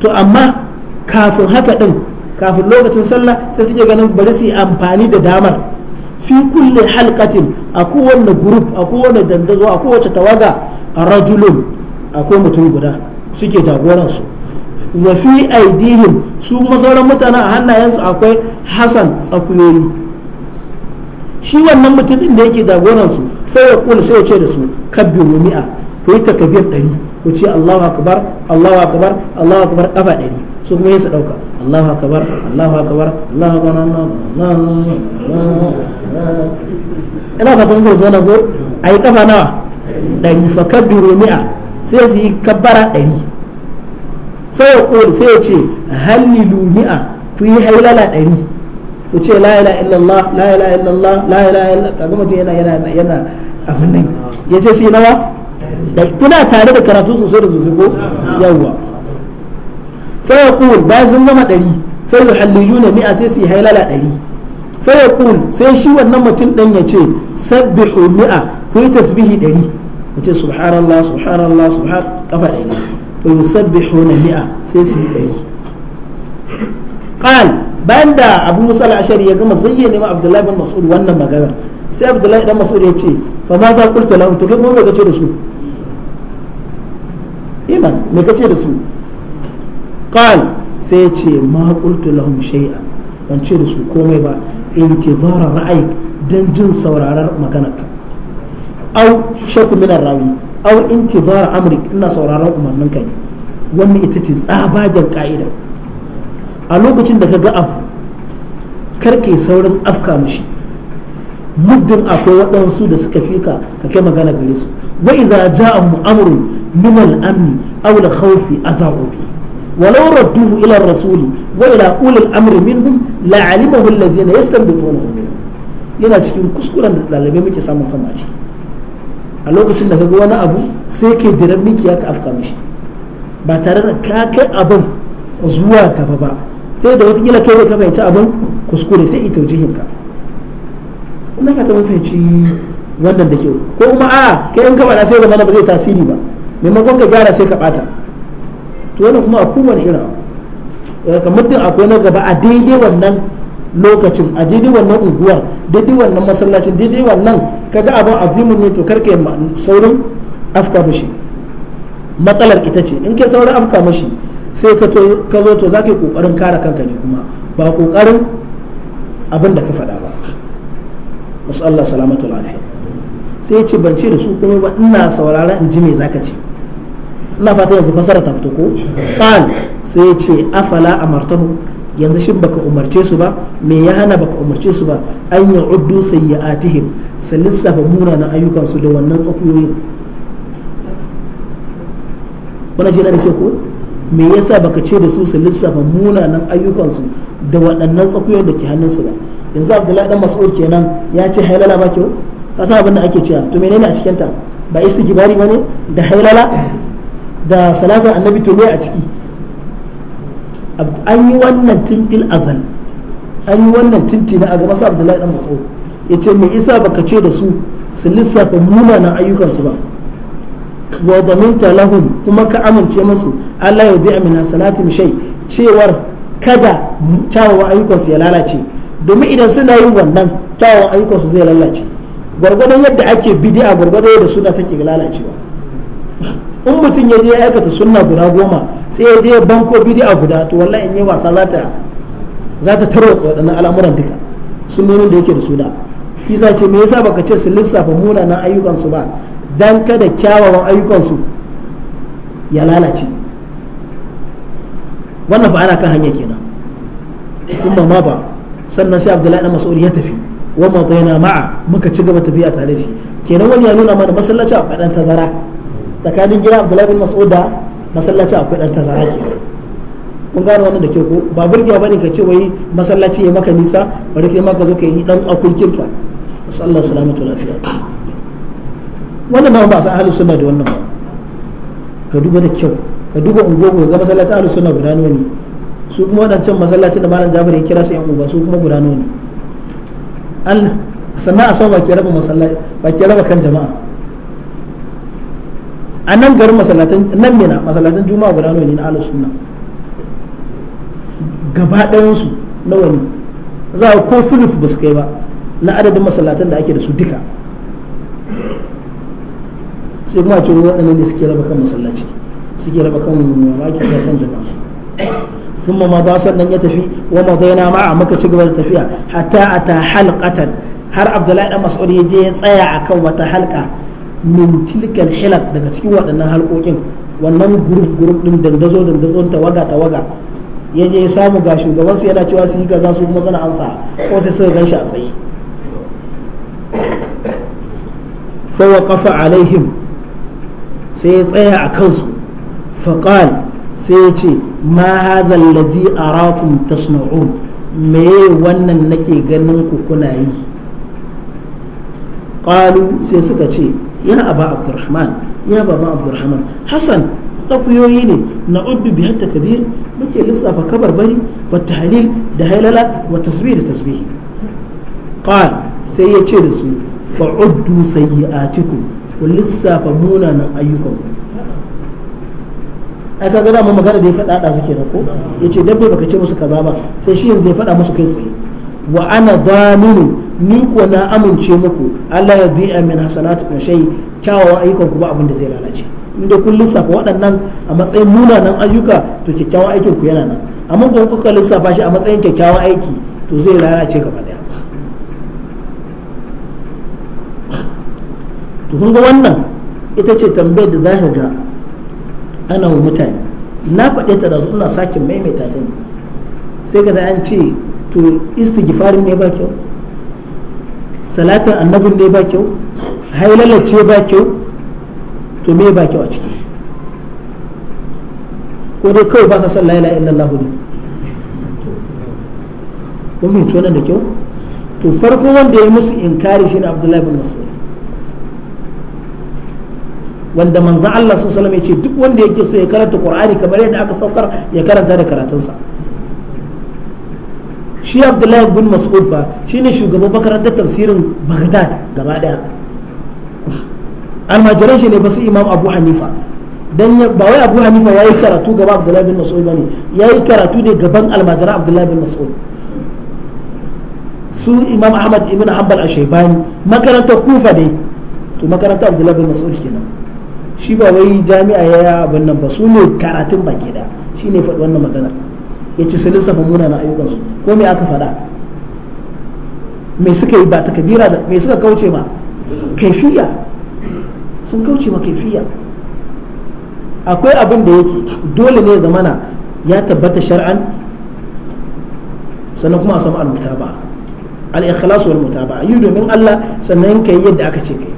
to amma kafin haka din kafin lokacin sallah sai suke ganin bari su yi amfani da damar fi kulle halkatin a kowane group a kowane dandazo a kowace tawaga a rajulun akwai mutum guda suke jagoransu wa fi aidihim su masauran mutanen a hannayensu akwai Hassan tsakuyoyi shi wannan mutum din da yake jagoransu fa ya kula sai ya ce da su kabbi wa mi'a ko yi takabiyar ɗari ku ce Allahu akbar Allahu akbar Allahu akbar kafa ɗari su kuma yin su ɗauka Allahu akbar Allahu akbar Allahu akbar ina fatan ku zo na go yi kafa nawa ɗari fa kabbi wa mi'a sai su yi kabbara ɗari fa yaqul sai ya ce hallilu mi'a ku yi hailala ɗari ku ce la ilaha illallah la illa illallah la ilaha illallah kaga mutum yana yana yana abin nan yace sai nawa kuna tare da karatu sosai da sosai ko yawwa fa yaqul ba sun gama ɗari fa yuhalliluna mi'a sai su yi hailala ɗari fa yaqul sai shi wannan mutum ɗan ya ce sabbihu mi'a ku yi tasbihi ɗari ku ce subhanallah subhanallah subhan kafa ɗari wa yusabbihuna mi'a sai su yi ɗari qal bayan da abu musa al-ashari ya gama zayyane ma abdullahi bin mas'ud wannan magana sai abdullahi dan mas'ud ya ce fa ma za qulta lahum to kai kuma me kace da su iman me kace da su qal sai ya ce ma qultu lahum shay'a ban ce da su komai ba intizara ra'ayik dan jin sauraron maganarka au shakku min rawi aw intizar amrik ina sauraron umarnin ka ne wannan ita ce tsabagen ka'ida a lokacin da ka ga abu karke saurin afka mishi muddin akwai waɗansu da suka fi ka ka kai magana gare su wa idza ja'ahum amrun min al-amni aw al-khawfi adha'u bi ولو ردوه إلى الرسول وإلى أولي الأمر منهم لعلمه الذين يستنبطونه منهم yana cikin kuskuren da ɗalibai muke samun kama ciki a lokacin da ka ga wani abu sai ke diran mikiya ka afka mishi ba tare da ka kai abin zuwa gaba ba sai da watakila kai ne ka fahimci abin kuskure sai ita jihinka ina ka taɓa fahimci wannan da ke ko kuma a kai in ka faɗa sai zama ba zai tasiri ba maimakon ka gyara sai ka ɓata to wannan kuma a kowane irin abu kamar akwai na gaba a daidai wannan lokacin a daidai wannan unguwar daidai wannan masallacin daidai wannan kaga abin azimin ne to karka yi saurin afka mashi matsalar ita ce in ke saurin afka mashi sai ka zo to za ka yi kokarin kare kanka ne kuma ba kokarin abin da ka faɗa ba musu Allah salamatu lafiya sai ce ban ce da su kuma ba ina saurara in ji me zaka ce ina fata yanzu fasara ta fito ko qal sai ya ce afala amartahu yanzu shin baka umarce su ba me ya hana baka umarce su ba an ya uddu sayyi'atihim su lissafa munanan ayyukan su da wannan tsakuyoyin wannan shi da ke ko me yasa baka ce da su su lissafa munanan ayyukan su da waɗannan tsakuyoyin da ke hannun su ba yanzu Abdullahi dan Mas'ud kenan ya ce hailala ba ke ka san abin da ake cewa to menene a cikin ta ba istikbari bane da hailala da salatar annabi to ne a ciki an yi wannan tun fil azal an yi wannan tintina a ga masu abdullahi dan ya yace mai isa baka ce da su su lissafa munanan ayyukansu ba wa dhaminta lahum kuma ka amince musu Allah ya di'a min hasanatihim mishai cewar kada kyawawan ayyukansu ya lalace domin idan suna yin wannan kyawawan ayyukansu zai lalace gwargwadon yadda ake a gwargwadon yadda suna take lalacewa in mutum ya je ya aikata sunna guda goma sai ya je banko a guda to wallahi in yi wasa za ta za ta waɗannan al'amuran duka sunnonin da yake da suna. da isa ce me yasa baka ce su lissafa munanan ayyukansu ba dan kada kyawawan ayyukansu ya lalace wannan ba ana kan hanya kenan ma ba sannan sai abdullahi na masauri ya tafi wa mata yana ma'a muka ci gaba tafiya tare shi kenan wani ya nuna mana masallaci a faɗin tazara tsakanin gidan abdullahi bin mas'ud da masallaci akwai dan tazara ke kun gano wannan da ke ko ba ba bane ka ce wai masallaci ya maka nisa bari kai maka zo ka yi dan akulkin ka sallallahu salamatu lafiya wannan ba ba sa ahlus sunna da wannan ka duba da kyau ka duba ungogo ga masallaci ahlus sunna guda nawa ne su kuma wadancan masallacin da malam Jabir ya kira su yan uba su kuma guda nawa ne Allah sannan a sama ba ke raba masallaci ba ke raba kan jama'a a nan garin masallatan nan na masallatan juma'a guda nawa ne na ahlus sunna gaba ɗayan su nawa ne za a ko fuluf ba su kai ba na adadin masallatan da ake da su duka sai kuma ce waɗannan ne suke raba kan masallaci suke raba kan mamaki ta kan jama'a nan ya tafi wa ثم ma a maka ci gaba da tafiya hatta a ta حلقة har abdullahi ɗan mas'ud ya je ya tsaya a kan wata halƙa min tilkal hilak daga cikin waɗannan halƙoƙin wannan gurup gurup din dandazo dandazon tawaga tawaga ya je ya samu ga shugabansu yana cewa su yi kaza su kuma suna ansa ko sai suka ganshi a tsaye fawa kafa alaihim sai ya tsaya a kansu fakal sai ya ce ma hadha alladhi arakum tasna'un me wannan nake ganin ku kuna yi qalu sai suka ce ya aba abdurrahman ya baba abdurrahman hasan tsakuyoyi ne na uddu bihatta hatta kabir muke lissafa kabar bari wa tahlil da hailala wa tasbih da tasbih qal sai ya ce da su fa uddu sayyi'atikum ku lissafa munanan ayyukan ai kaga da magana da ya faɗa da suke ko yace dabbe baka ce musu kaza ba sai shi yanzu ya faɗa musu kai tsaye wa ana daminu ni ko na amince muku Allah ya bi'a min kun shai kyawawan ayyukan ku ba abin da zai lalace inda kun lissafa waɗannan a matsayin munanan ayyuka to kyakkyawan aikin ku yana nan amma ko kuka lissafa shi a matsayin kyakkyawan aiki to zai lalace gaba daya to kun ga wannan ita ce tambayar da za ga ana wa mutane na faɗe ta da ina sake maimaita ta ne sai ka an ce to istighfarin ne ba kyau salatin annabin ne ba kyau hailalace ba kyau to me ba kyau a ciki ko dai kawai ba sa san la'ila ilaha illallah ne ko fahimci wannan da kyau to farko wanda ya musu inkari ne abdullahi bin mas'ud wanda manzan Allah sun salama ya ce duk wanda yake so ya karanta Qur'ani kamar yadda aka saukar ya karanta da karatunsa shi abdullahi bin mas'ud ba shine shugaban makarantar tafsirin baghdad gaba daya almajiran shi ne ba su imam abu hanifa dan ba wai abu hanifa yayi karatu gaba abdullahi bin mas'ud bane yayi karatu ne gaban almajiran abdullahi bin mas'ud su imam ahmad ibn hanbal ashaybani makarantar kufa dai to makarantar abdullahi bin mas'ud kenan shi ba wai jami'a ya abin nan ba su ne karatun baki da shi ne faɗi wannan maganar ya ce su lissafa munanan ayyukansu ko me aka faɗa me suka yi ba ta kabira da me suka kauce ma kaifiya sun kauce ma kaifiya akwai abin da yake dole ne da mana ya tabbata shar'an sannan kuma a samu al-mutaba al-ikhlas wal mutaba yi domin Allah sannan kai yadda aka ce kai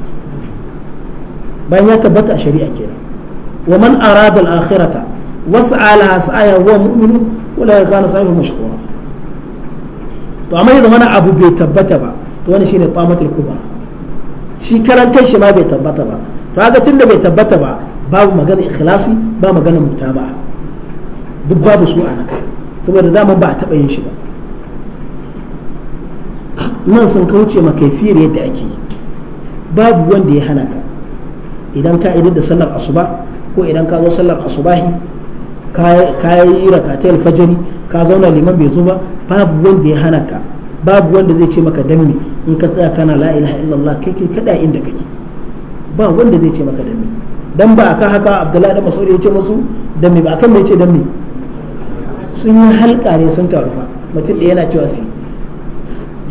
bayan ya tabbata a shari'a kenan wa man arada al-akhirata was'a laha sa'aya wa mu'minu wala ya kana sahibu mashkura to amma yanzu mana abu bai tabbata ba to wani shine tamatul kubra shi karan kai shi ma bai tabbata ba to tun da bai tabbata ba babu magana ikhlasi ba magana mutaba duk babu su ana saboda dama ba a taɓa yin shi ba nan sun kauce ma kaifiyar yadda ake yi babu wanda ya hana ka idan ka idar da sallar asuba ko idan ka zo sallar asubahi ka yi rakatai alfajari ka zauna liman bai zo ba babu wanda ya hana ka babu wanda zai ce maka danmi in ka tsaya kana la ilaha illallah kai kai kada inda kake ba wanda zai ce maka danmi dan ba ka haka abdullahi da masauri ya ce musu danmi ba akan mai ce danmi sun yi halka ne sun taru ba mutum da yana cewa sai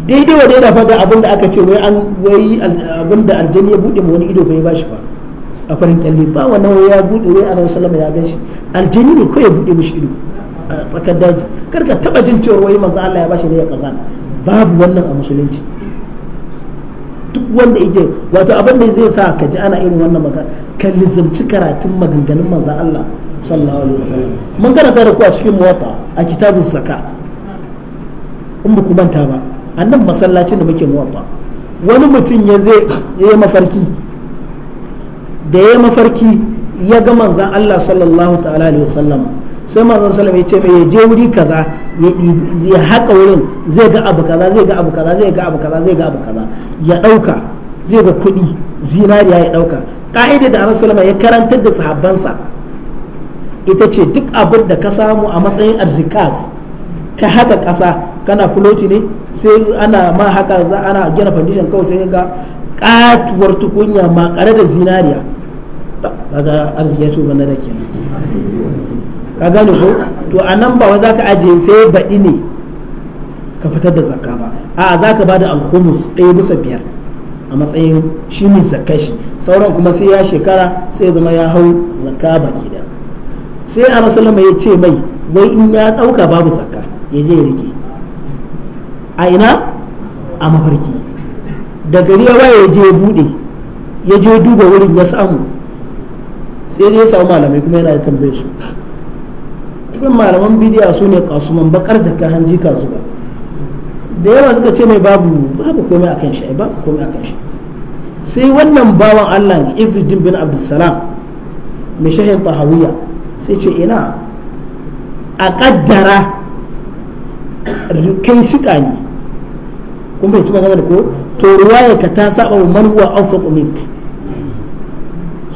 daidai wa daidai fa da abin da aka ce wai an wai abin da aljani ya bude mu wani ido bai bashi ba a farin kyalle ba wa wai ya buɗe wai annabi sallama ya ganshi aljini ne ko ya bude mishi ido a tsakar daji kar ka taɓa jin cewa wai manzo Allah ya bashi ne ya kaza babu wannan a musulunci duk wanda yake wato abin da zai sa ka ji ana irin wannan magana ka lizamci karatun maganganun manzo Allah sallallahu alaihi wasallam mun karanta da ku a cikin muwatta a kitabun zakka in ba ku manta ba annan masallacin da muke muwatta wani mutum ya zai ya mafarki da ya mafarki ya ga manzan Allah sallallahu ta'ala alaihi wasallam sai manzan sallam ya ce mai ya je wuri kaza ya haka wurin zai ga abu kaza zai ga abu kaza zai ga abu kaza zai ga abu kaza ya dauka zai ga kudi zinariya ya dauka ka'ida da annabi sallama ya karantar da sahabbansa ita ce duk abin da ka samu a matsayin arrikas ka haka kasa kana fuloti ne sai ana ma haka za ana gina foundation kawai sai ga katuwar tukunya ma kare da zinariya kaga arziki ya tuba na da kenan ka gane ko to a nan ba za ka ajiye sai baɗi ne ka fitar da zakka ba a za ka da alhumus ɗaya bisa biyar a matsayin shi ne sauran kuma sai ya shekara sai ya zama ya hau zakka baki da sai a rasulama ya ce mai wai in ya ɗauka babu zakka ya je ya rike a ina a mafarki da gari ya waye ya je ya buɗe ya je duba wurin ya samu sai dai ya samu malamai kuma yana tambaye su kusan malaman bidiya su ne kasuman bakar jaka hanji kasu ba da yawa suka ce mai babu babu komai akan shi babu komai akan shi sai wannan bawan Allah Izzuddin bin abdulsalam mai shahin tahawiyya sai ce ina a kaddara kai shiƙa ne kuma bai ci magana da ko to ruwaya ka ta saba wa manuwa alfa awfaq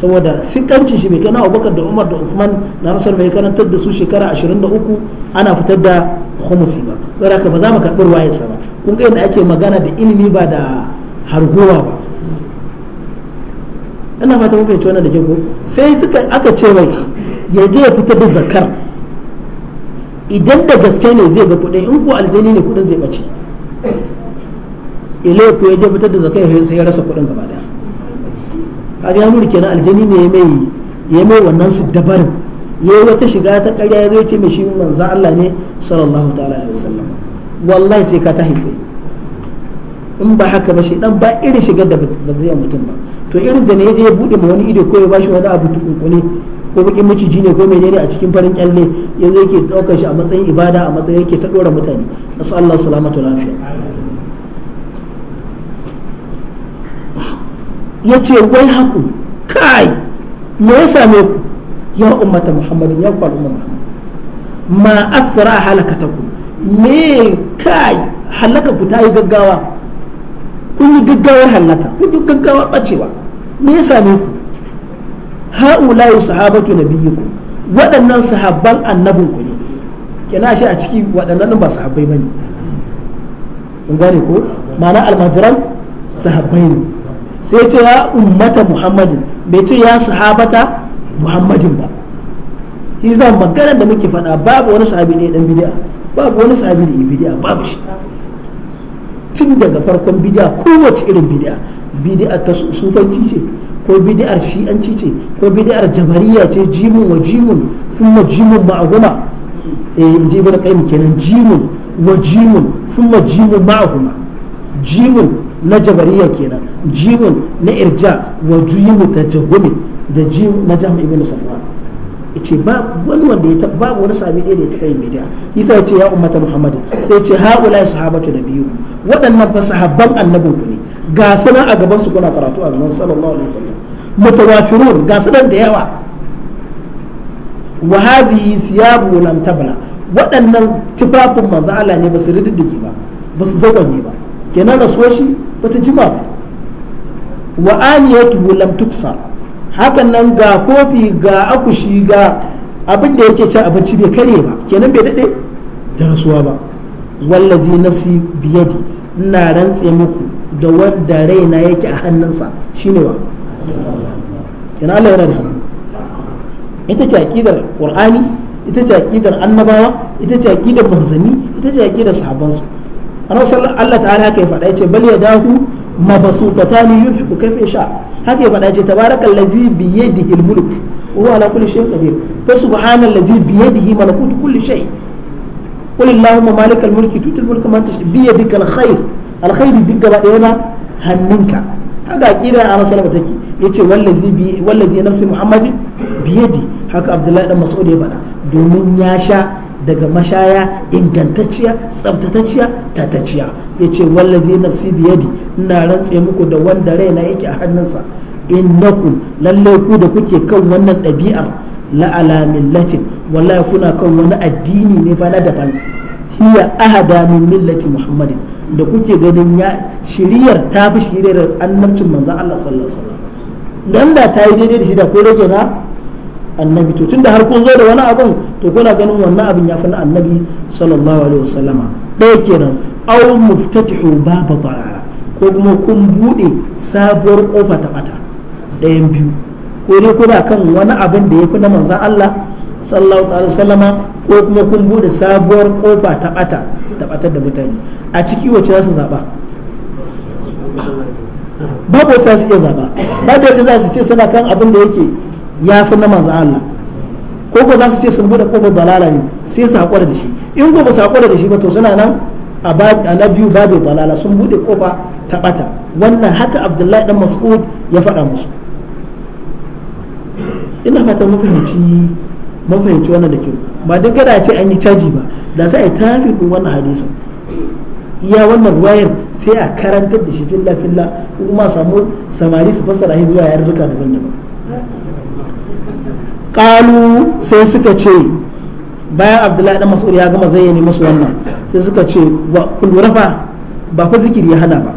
saboda sikanci shi bai kai na abubakar da umar da usman na rasar mai karantar da su shekara 23 ana fitar da khumusi ba saboda haka ba za mu karɓi ruwayarsa ba kun ga yadda ake magana da ilimi ba da hargowa ba ina fata muka yi wannan da ke sai suka aka ce mai ya je ya fitar da zakar idan da gaske ne zai ga kuɗin in ko aljani ne kuɗin zai ɓace ilai ku ya je fitar da zakar sai ya rasa kuɗin gaba daya kaga ya nuna kenan aljani ne mai ya mai wannan su dabarin ya yi wata shiga ta ƙarya ya zai ce mai shi manzo Allah ne sallallahu ta'ala alaihi wasallam wallahi sai ka tahi sai in ba haka ba shaidan ba irin shigar da ba zai mutum ba to irin da ne ya je ya bude ma wani ido ko ya bashi wani abu tukunkune ko bakin maciji ne ko menene a cikin farin kyalle yanzu yake daukar shi a matsayin ibada a matsayin yake ta dora mutane nasu Allah salamatu lafiya ya ce wai haku kai me ya same ku ya ummata muhammadin ya ku ma muhammad ma asra ku me kai halaka ku ta yi gaggawa kun yi gaggawar halaka kun yi gaggawar bacewa me ya same ku yi sahabatu ku waɗannan sahabban annabinku ne kenan shi a ciki waɗannan ba sahabbai ba kun gane ko ma'ana almajiran sahabbai ne sai ce ya ummata muhammadin bai ce ya sahabata muhammadin ba zan magana da muke faɗa babu wani sahabi ne dan bidiya babu wani sahabi ne bidiya babu shi tun daga farkon bidiya kowace irin bidiya bidiya ta sufanci ce ko shi shi'anci ce ko bidiyar jabariya ce jimun wa jimun ma jimun ma'ahuma eh inji kai qayyim kenan jimun wa jimun ma jimun ma'ahuma jimun na jabariya kenan jimun na irja wa juyimu tajahumi da jimun na jami ibn safwan ce ba wani wanda ya ba wani sami ɗaya da ya taɓa yin bidiya isa ya ce ya ummata muhammad sai ya ce haula sahabatu biyu waɗannan fa sahabban annabin ku ne ga sanan a gaban su kuna karatu a nan sallallahu alaihi wasallam mutawafirun ga sanan da yawa wa hadhihi thiyabu lam tabla waɗannan tufafin manzo Allah ne ba su riddige ba ba su zagwanye ba kenan rasuwar shi bata jima ba wa aniyatuhu lam tubsa hakan nan ga kofi ga akushi ga abin da yake cin abinci bai kare ba kenan bai dade da rasuwa ba wallazi nafsi biyadi ina rantse muku da wanda raina yake a hannunsa shine wa kenan Allah yana da hannu ita ce aqidar qur'ani ita ce aqidar annabawa ita ce aqidar manzanni ita ce aqidar sahabbansu annabi Allah ta'ala haka ya faɗa yace bal yadahu mabsutatani yunfiqu kayfa sha haka ya faɗa yace tabarakallazi bi yadihi al-mulk wa huwa ala kulli shay'in qadir fa subhanallazi bi yadihi malakutu kulli shay قل اللهم مالك الملك تؤتي الملك من تشاء بيدك الخير الخير دي gaba ɗaya na hannunka haka akida a rasulullah take yace wallazi bi wallazi nafsi muhammadin biyadi haka abdullahi dan mas'ud ya faɗa domin ya sha daga mashaya ingantacciya tsabtatacciya tatacciya ya ce wallazi nafsi biyadi ina rantse muku da wanda raina yake a hannunsa innaku lallai ku da kuke kan wannan ɗabi'ar la'ala millatin wallahi kuna kan wani addini ne fa na daban hiya ahada min millati muhammadin da kuke ganin ya shiriyar ta fi shiriyar annabcin manzon Allah sallallahu alaihi wasallam dan da ta yi daidai da shi da ko rage na annabi to tunda har kun zo da wani abin to kuna ganin wannan abin ya fi na annabi sallallahu alaihi wasallama ɗaya kenan aw muftatihu baba tarara ko kuma kun bude sabuwar kofa ta bata ɗayan biyu ko ne kuna kan wani abin da ya fi na manzan Allah sallallahu alaihi wasallama ko kuma kun bude sabuwar kofa ta bata ta bata da mutane a ciki wacce za su zaba babu wacce za su iya zaba da yadda za su ce suna kan abin da yake ya fi na manzan Allah ko ba za su ce sun bude kofar dalala ne sai su haƙura da shi in ko ba su haƙura da shi ba to suna nan a na biyu babu dalala sun bude kofa ta ɓata wannan haka abdullahi dan mas'ud ya faɗa musu ina fatan mafahimci wannan da kyau ba duk gada ce an yi caji ba da sai a tafi ɗin wannan hadisin iya wannan ruwayar sai a karantar da shi filla filla kuma samu samari su fassara shi zuwa yarurruka daban-daban kalu sai suka ce bayan abdullahi dan mas'ud ya gama yi musu wannan sai suka ce wa lura fa ba fa zikiri ya hana ba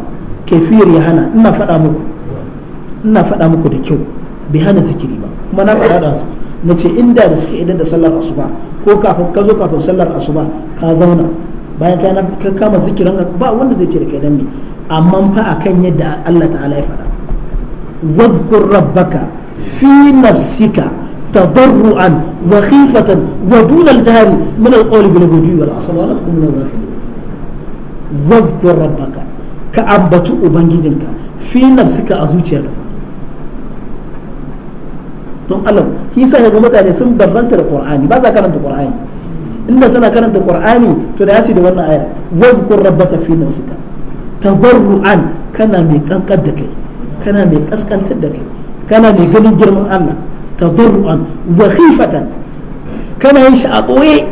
kafir ya hana ina faɗa muku ina faɗa muku da kyau bai hana zikiri ba kuma na faɗa da su na ce inda da suka idan da sallar asuba ko kafin ka zo kafin sallar asuba ka zauna bayan ka ka kama zikirin ba wanda zai ce da kai dan me amma fa akan yadda Allah ta'ala ya faɗa wazkur rabbaka fi nafsika تضرعا وخيفة ودون الجهر من القول بالغدو والعصر ولا تكن من الغافلين واذكر ربك كأنبت أبنجدك في نفسك أزوجك don Allah shi yasa ga mutane sun barranta da Qur'ani ba za karanta Qur'ani inda suna karanta Qur'ani to da yasi da wannan ayar wadhkur rabbaka fi nafsika tadarruan kana mai kankar da kai kana mai kaskantar da kai kana mai ganin girman Allah tadarruan wa khifatan kana yin shi a ɓoye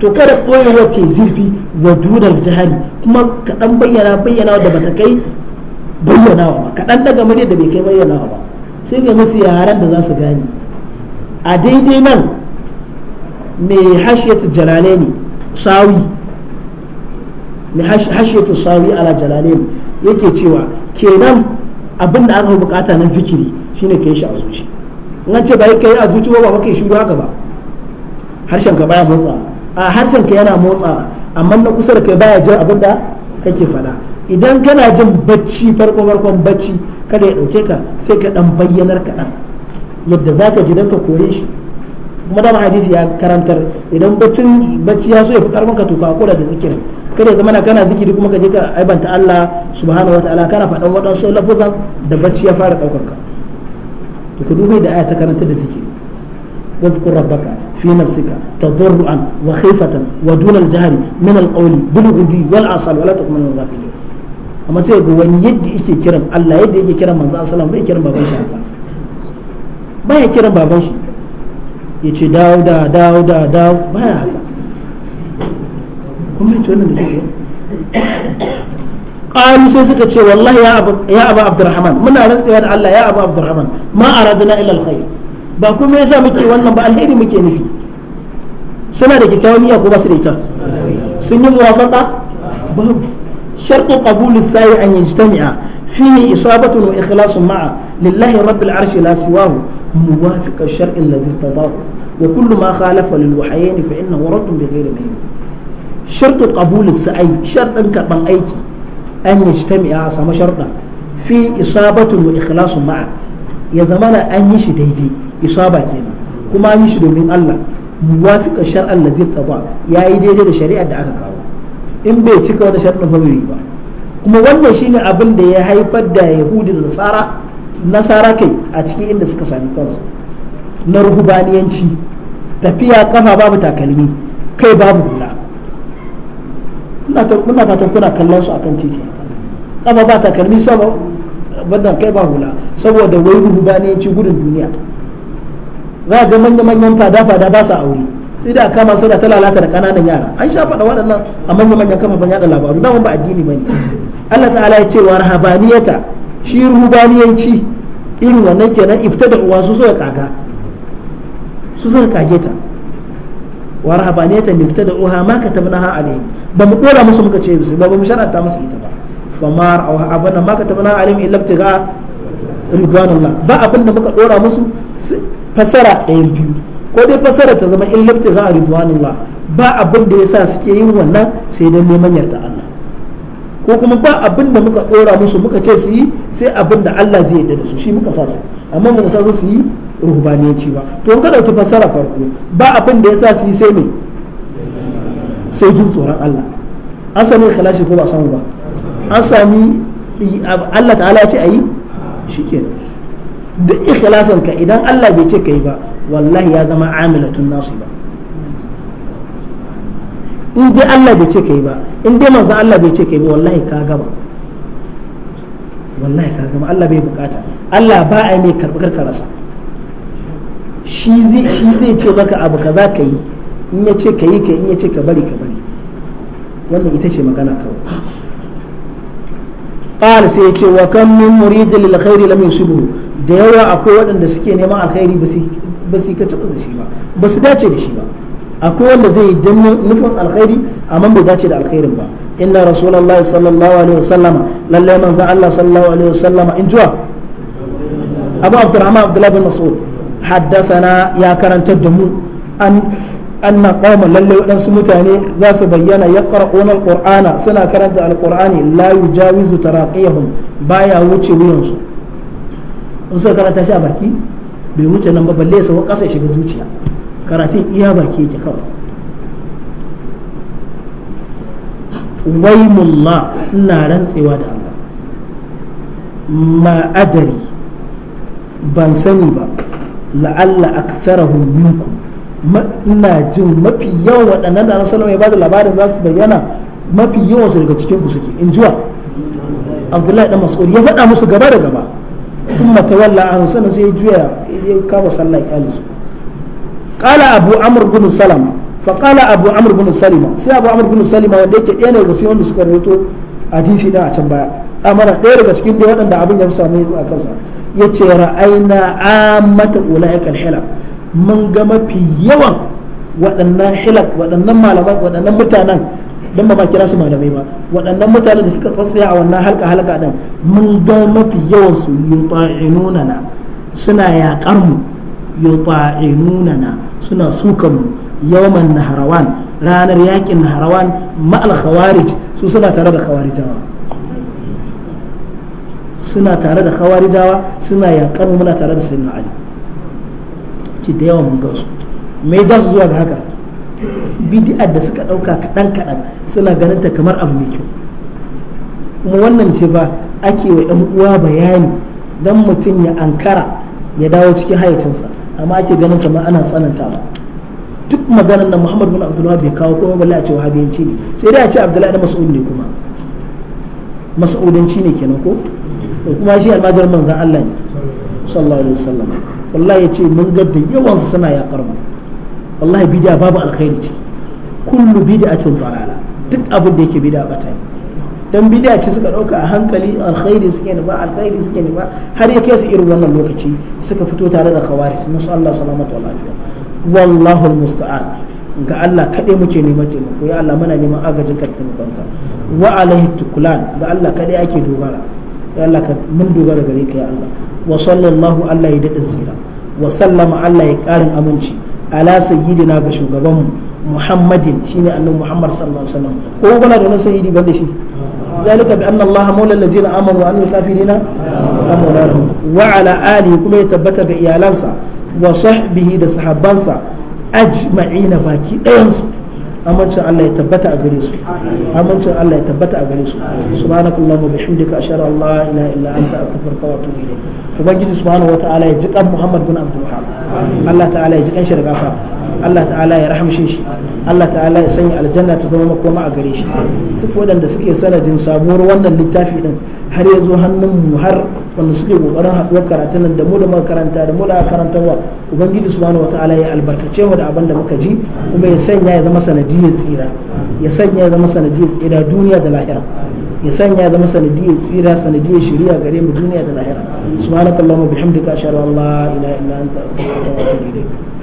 to kada ɓoye wacce zurfi wa dunal jahari kuma kaɗan bayyana bayyanawa da bata kai bayyanawa ba kaɗan daga murya da bai kai bayyanawa ba sai ga musu yaran da za su gane a daidai nan mai hashiyatu jalale ne sawi mai hashiyatu sawi ala jalale yake cewa kenan abin da aka bukata na fikiri shine yi shi a nan ce bai kai a zuci ba ba kai shiru haka ba harshen ka baya motsa a harshen ka yana motsa amma na kusa da kai baya jin abin da kake faɗa idan kana jin bacci farko farkon bacci kada ya dauke ka sai ka dan bayyanar kaɗan yadda za ka ji don ka kore shi kuma da hadisi ya karantar idan baccin bacci ya so ya fi maka to ka kula da zikirin kada ya zama kana zikiri kuma ka je ka aibanta Allah subhanahu wataala kana faɗan wadansu lafuzan da bacci ya fara ɗaukar ka to ku duba da aya ta karanta da take واذكر ربك في نفسك تضرعا وخيفة ودون الجهل من القول بالغدي والعصال ولا تكن من الغافلين amma sai ga wani yadda yake kiran Allah yadda yake kiran manzo sallallahu bai kiran baban shi haka baya kiran baban shi yace dawo da dawo da dawo baya haka kuma wannan da قالوا سي سكتشي والله يا أبا, يا أبا عبد الرحمن من أردت سيد الله يا أبا عبد الرحمن ما أردنا إلا الخير باكو ميزا مكي وانا بألهيري مكي نفي سنة ركي كاوني يا بس بسريتا سنة موافقة باب شرط قبول السائع أن يجتمع فيه إصابة وإخلاص مع لله رب العرش لا سواه موافق الشرع الذي ارتضاه وكل ما خالف للوحيين فإنه رد بغير مهين شرط قبول السعي شرط أنك بالأيكي an yajtami'a a samu sharuɗa fi isabatun wa ikhlasun ma'a ya zamana an yi shi daidai isaba kenan kuma an yi shi domin Allah muwafiqa shar'an ladhi tada yayi daidai da shari'ar da aka kawo in bai cika wani sharuɗin ba bai ba kuma wannan shine abin da ya haifar da yahudi da nasara nasara kai a cikin inda suka sami kansu na ruhubaniyanci tafiya kafa babu takalmi kai babu muna fatan kuna kallon su akan titi kafa ba takalmi sama wannan kai ba hula saboda wai ruhubaniyanci gudun duniya za ga manya manyan fada fada ba sa aure sai da kama su da ta lalata da kananan yara an sha faɗa waɗannan a manya manyan ban yada labaru dama ba addini bane Allah ta'ala ya ce wa rahabaniyata shi ruhubaniyanci irin wannan kenan ifta da uwa su suka kaga su suka kage ta wa rahabaniyatan uha ma katabnaha alaihim ba mu dora musu muka ce musu ba mu sharata musu ita ba fama ra'awha abana ma katabnaha alaihim illa ibtiga ridwanullah ba abin da muka dora musu fasara ɗaya biyu ko dai fasara ta zama illa ibtiga ridwanullah ba abin da yasa suke yin wannan sai dan neman yarda Allah ko kuma ba abin da muka dora musu muka ce su yi sai abin da Allah zai yarda da su shi muka sa su amma mu sa su yi ruhbaniyanci ba to ka dauki fasara farko ba abin da sa su yi sai me sai jin tsoron Allah an sami khalashi ko ba samu ba an sami Allah ta'ala ce ayi shikenan duk ikhlasan ka idan Allah bai ce kai ba wallahi ya zama amilatun nasiba in dai Allah bai ce kai ba in dai manzo Allah bai ce kai ba wallahi ka gaba wallahi ka gaba Allah bai bukata Allah ba a mai karɓi karkararsa shi zai ce maka abu kaza ka yi in ya ce ka yi ka in ya ce ka bari ka bari wannan ita ce magana kawai qal sai ya ce wa kam min murid lil khairi lam yusibu da yawa akwai waɗanda suke neman alkhairi ba su ka taba da shi ba ba su dace da shi ba akwai wanda zai dan nufin alkhairi amma bai dace da alkhairin ba inna rasulullahi sallallahu alaihi wasallam lalle manzo Allah sallallahu alaihi wasallam in juwa abu abdurrahman abdullah bin mas'ud haddasana ya karantar da mu an anna qauma lallai waɗansu mutane za su bayyana ya qara'una alqur'ana suna karanta alqur'ani la ta taraqiyahum baya wuce wuyansu in suka karanta shi a baki bai wuce nan ba balle sa kasa ya zuciya karatun iya baki yake kawai waimullah ina rantsewa da Allah ma adari ban sani ba la'alla aktharahum minkum ina jin mafi yawan waɗannan da annabi ya bada labarin za su bayyana mafi yawan su daga cikin ku suke in jiwa abdullahi dan mas'ud ya faɗa musu gaba da gaba sun walla an sannan sai ya juya ya kama sallah ya kala abu amr bin salama fa kala abu amr bin salima sai abu amr bin salima wanda yake ɗaya daga cikin wanda suka rawaito hadisi din a can baya amana ɗaya daga cikin dai waɗanda abin ya samu a kansa ya ce ra'aina ammata ula'ikal hilab mun ga mafi yawan waɗannan hilab waɗannan malaman waɗannan mutanen don ba kira su malamai ba waɗannan mutanen da suka tsatsaya a wannan halka halka din mun ga mafi yawan su yuta'inuna suna yaƙar mu yuta'inuna suna sukan mu yawman naharawan ranar yakin naharawan ma'al khawarij su suna tare da khawarijawa suna tare da khawarijawa suna yaƙar muna tare da sayyidina ali ci da yawan mun gansu me za su zuwa ga haka bid'ar da suka ɗauka kaɗan kaɗan suna ganin ta kamar abu mai kyau kuma wannan ce ba ake wa ɗan uwa bayani dan mutum ya ankara ya dawo cikin hayacinsa amma ake ganin kamar ana ba duk maganar nan Muhammad bin Abdullah bai kawo kuma balle a ce wahabiyanci ne sai dai a ce Abdullahi da Mas'ud ne kuma mas'udanci ne kenan ko kuma shi almajar manzan Allah ne sallallahu alaihi wasallam wallahi yace mun ga da yawan su suna ya karbu wallahi bid'a babu alkhairi ciki kullu bid'atin dalala duk abin da yake bid'a bata ne dan bid'a ce suka dauka a hankali alkhairi suke ne ba alkhairi suke ne ba har ya kai su irin wannan lokaci suka fito tare da khawarij musu Allah salamatu wa lafiya wallahu almusta'an ga Allah kaɗai muke neman taimako ya Allah muna neman agajin ka taimakonka wa alaihi tukulan ga Allah kaɗai ake dogara ya Allah ka mun dogara gare ka ya Allah wa sallallahu Allah ya daɗin tsira wa sallama Allah ya karin aminci ala sayyidina ga shugabanmu muhammadin shine annabi muhammad sallallahu alaihi wasallam ko kuna da wani sayyidi banda shi ذلك بأن الله مولى الذين آمنوا وأن الكافرين أمولا لهم وعلى آله كما يتبت بإيالانسا وصحبه دا صحبانسا أجمعين باكي أينسو amincin Allah ya tabbata a gare su amincin Allah ya tabbata a gare su subhanakallahu wa bihamdika ashhadu an la ilaha illa anta astaghfiruka wa atubu ilayk ubangiji subhanahu wataala ya jikan Muhammad bin Abdul wahab Allah ta'ala ya jikan shi da gafa Allah ta'ala ya rahamshe shi Allah ta'ala ya sanya aljanna ta zama makoma a gare shi duk waɗanda suke sanadin sabuwar wannan littafi din har ya zo hannun mu har wanda suke kokarin haɗuwar karatun nan da mu da muka karanta da mu da karantarwa ubangiji subhanahu wataala ya albarkace mu da abin da muka ji kuma ya sanya ya zama sanadiyar tsira ya sanya ya zama sanadiyar tsira duniya da lahira ya sanya ya zama sanadiyar tsira sanadiyar shari'a gare mu duniya da lahira wataala bihamdika ashhadu an la ilaha illa anta astaghfiruka wa atubu ilayk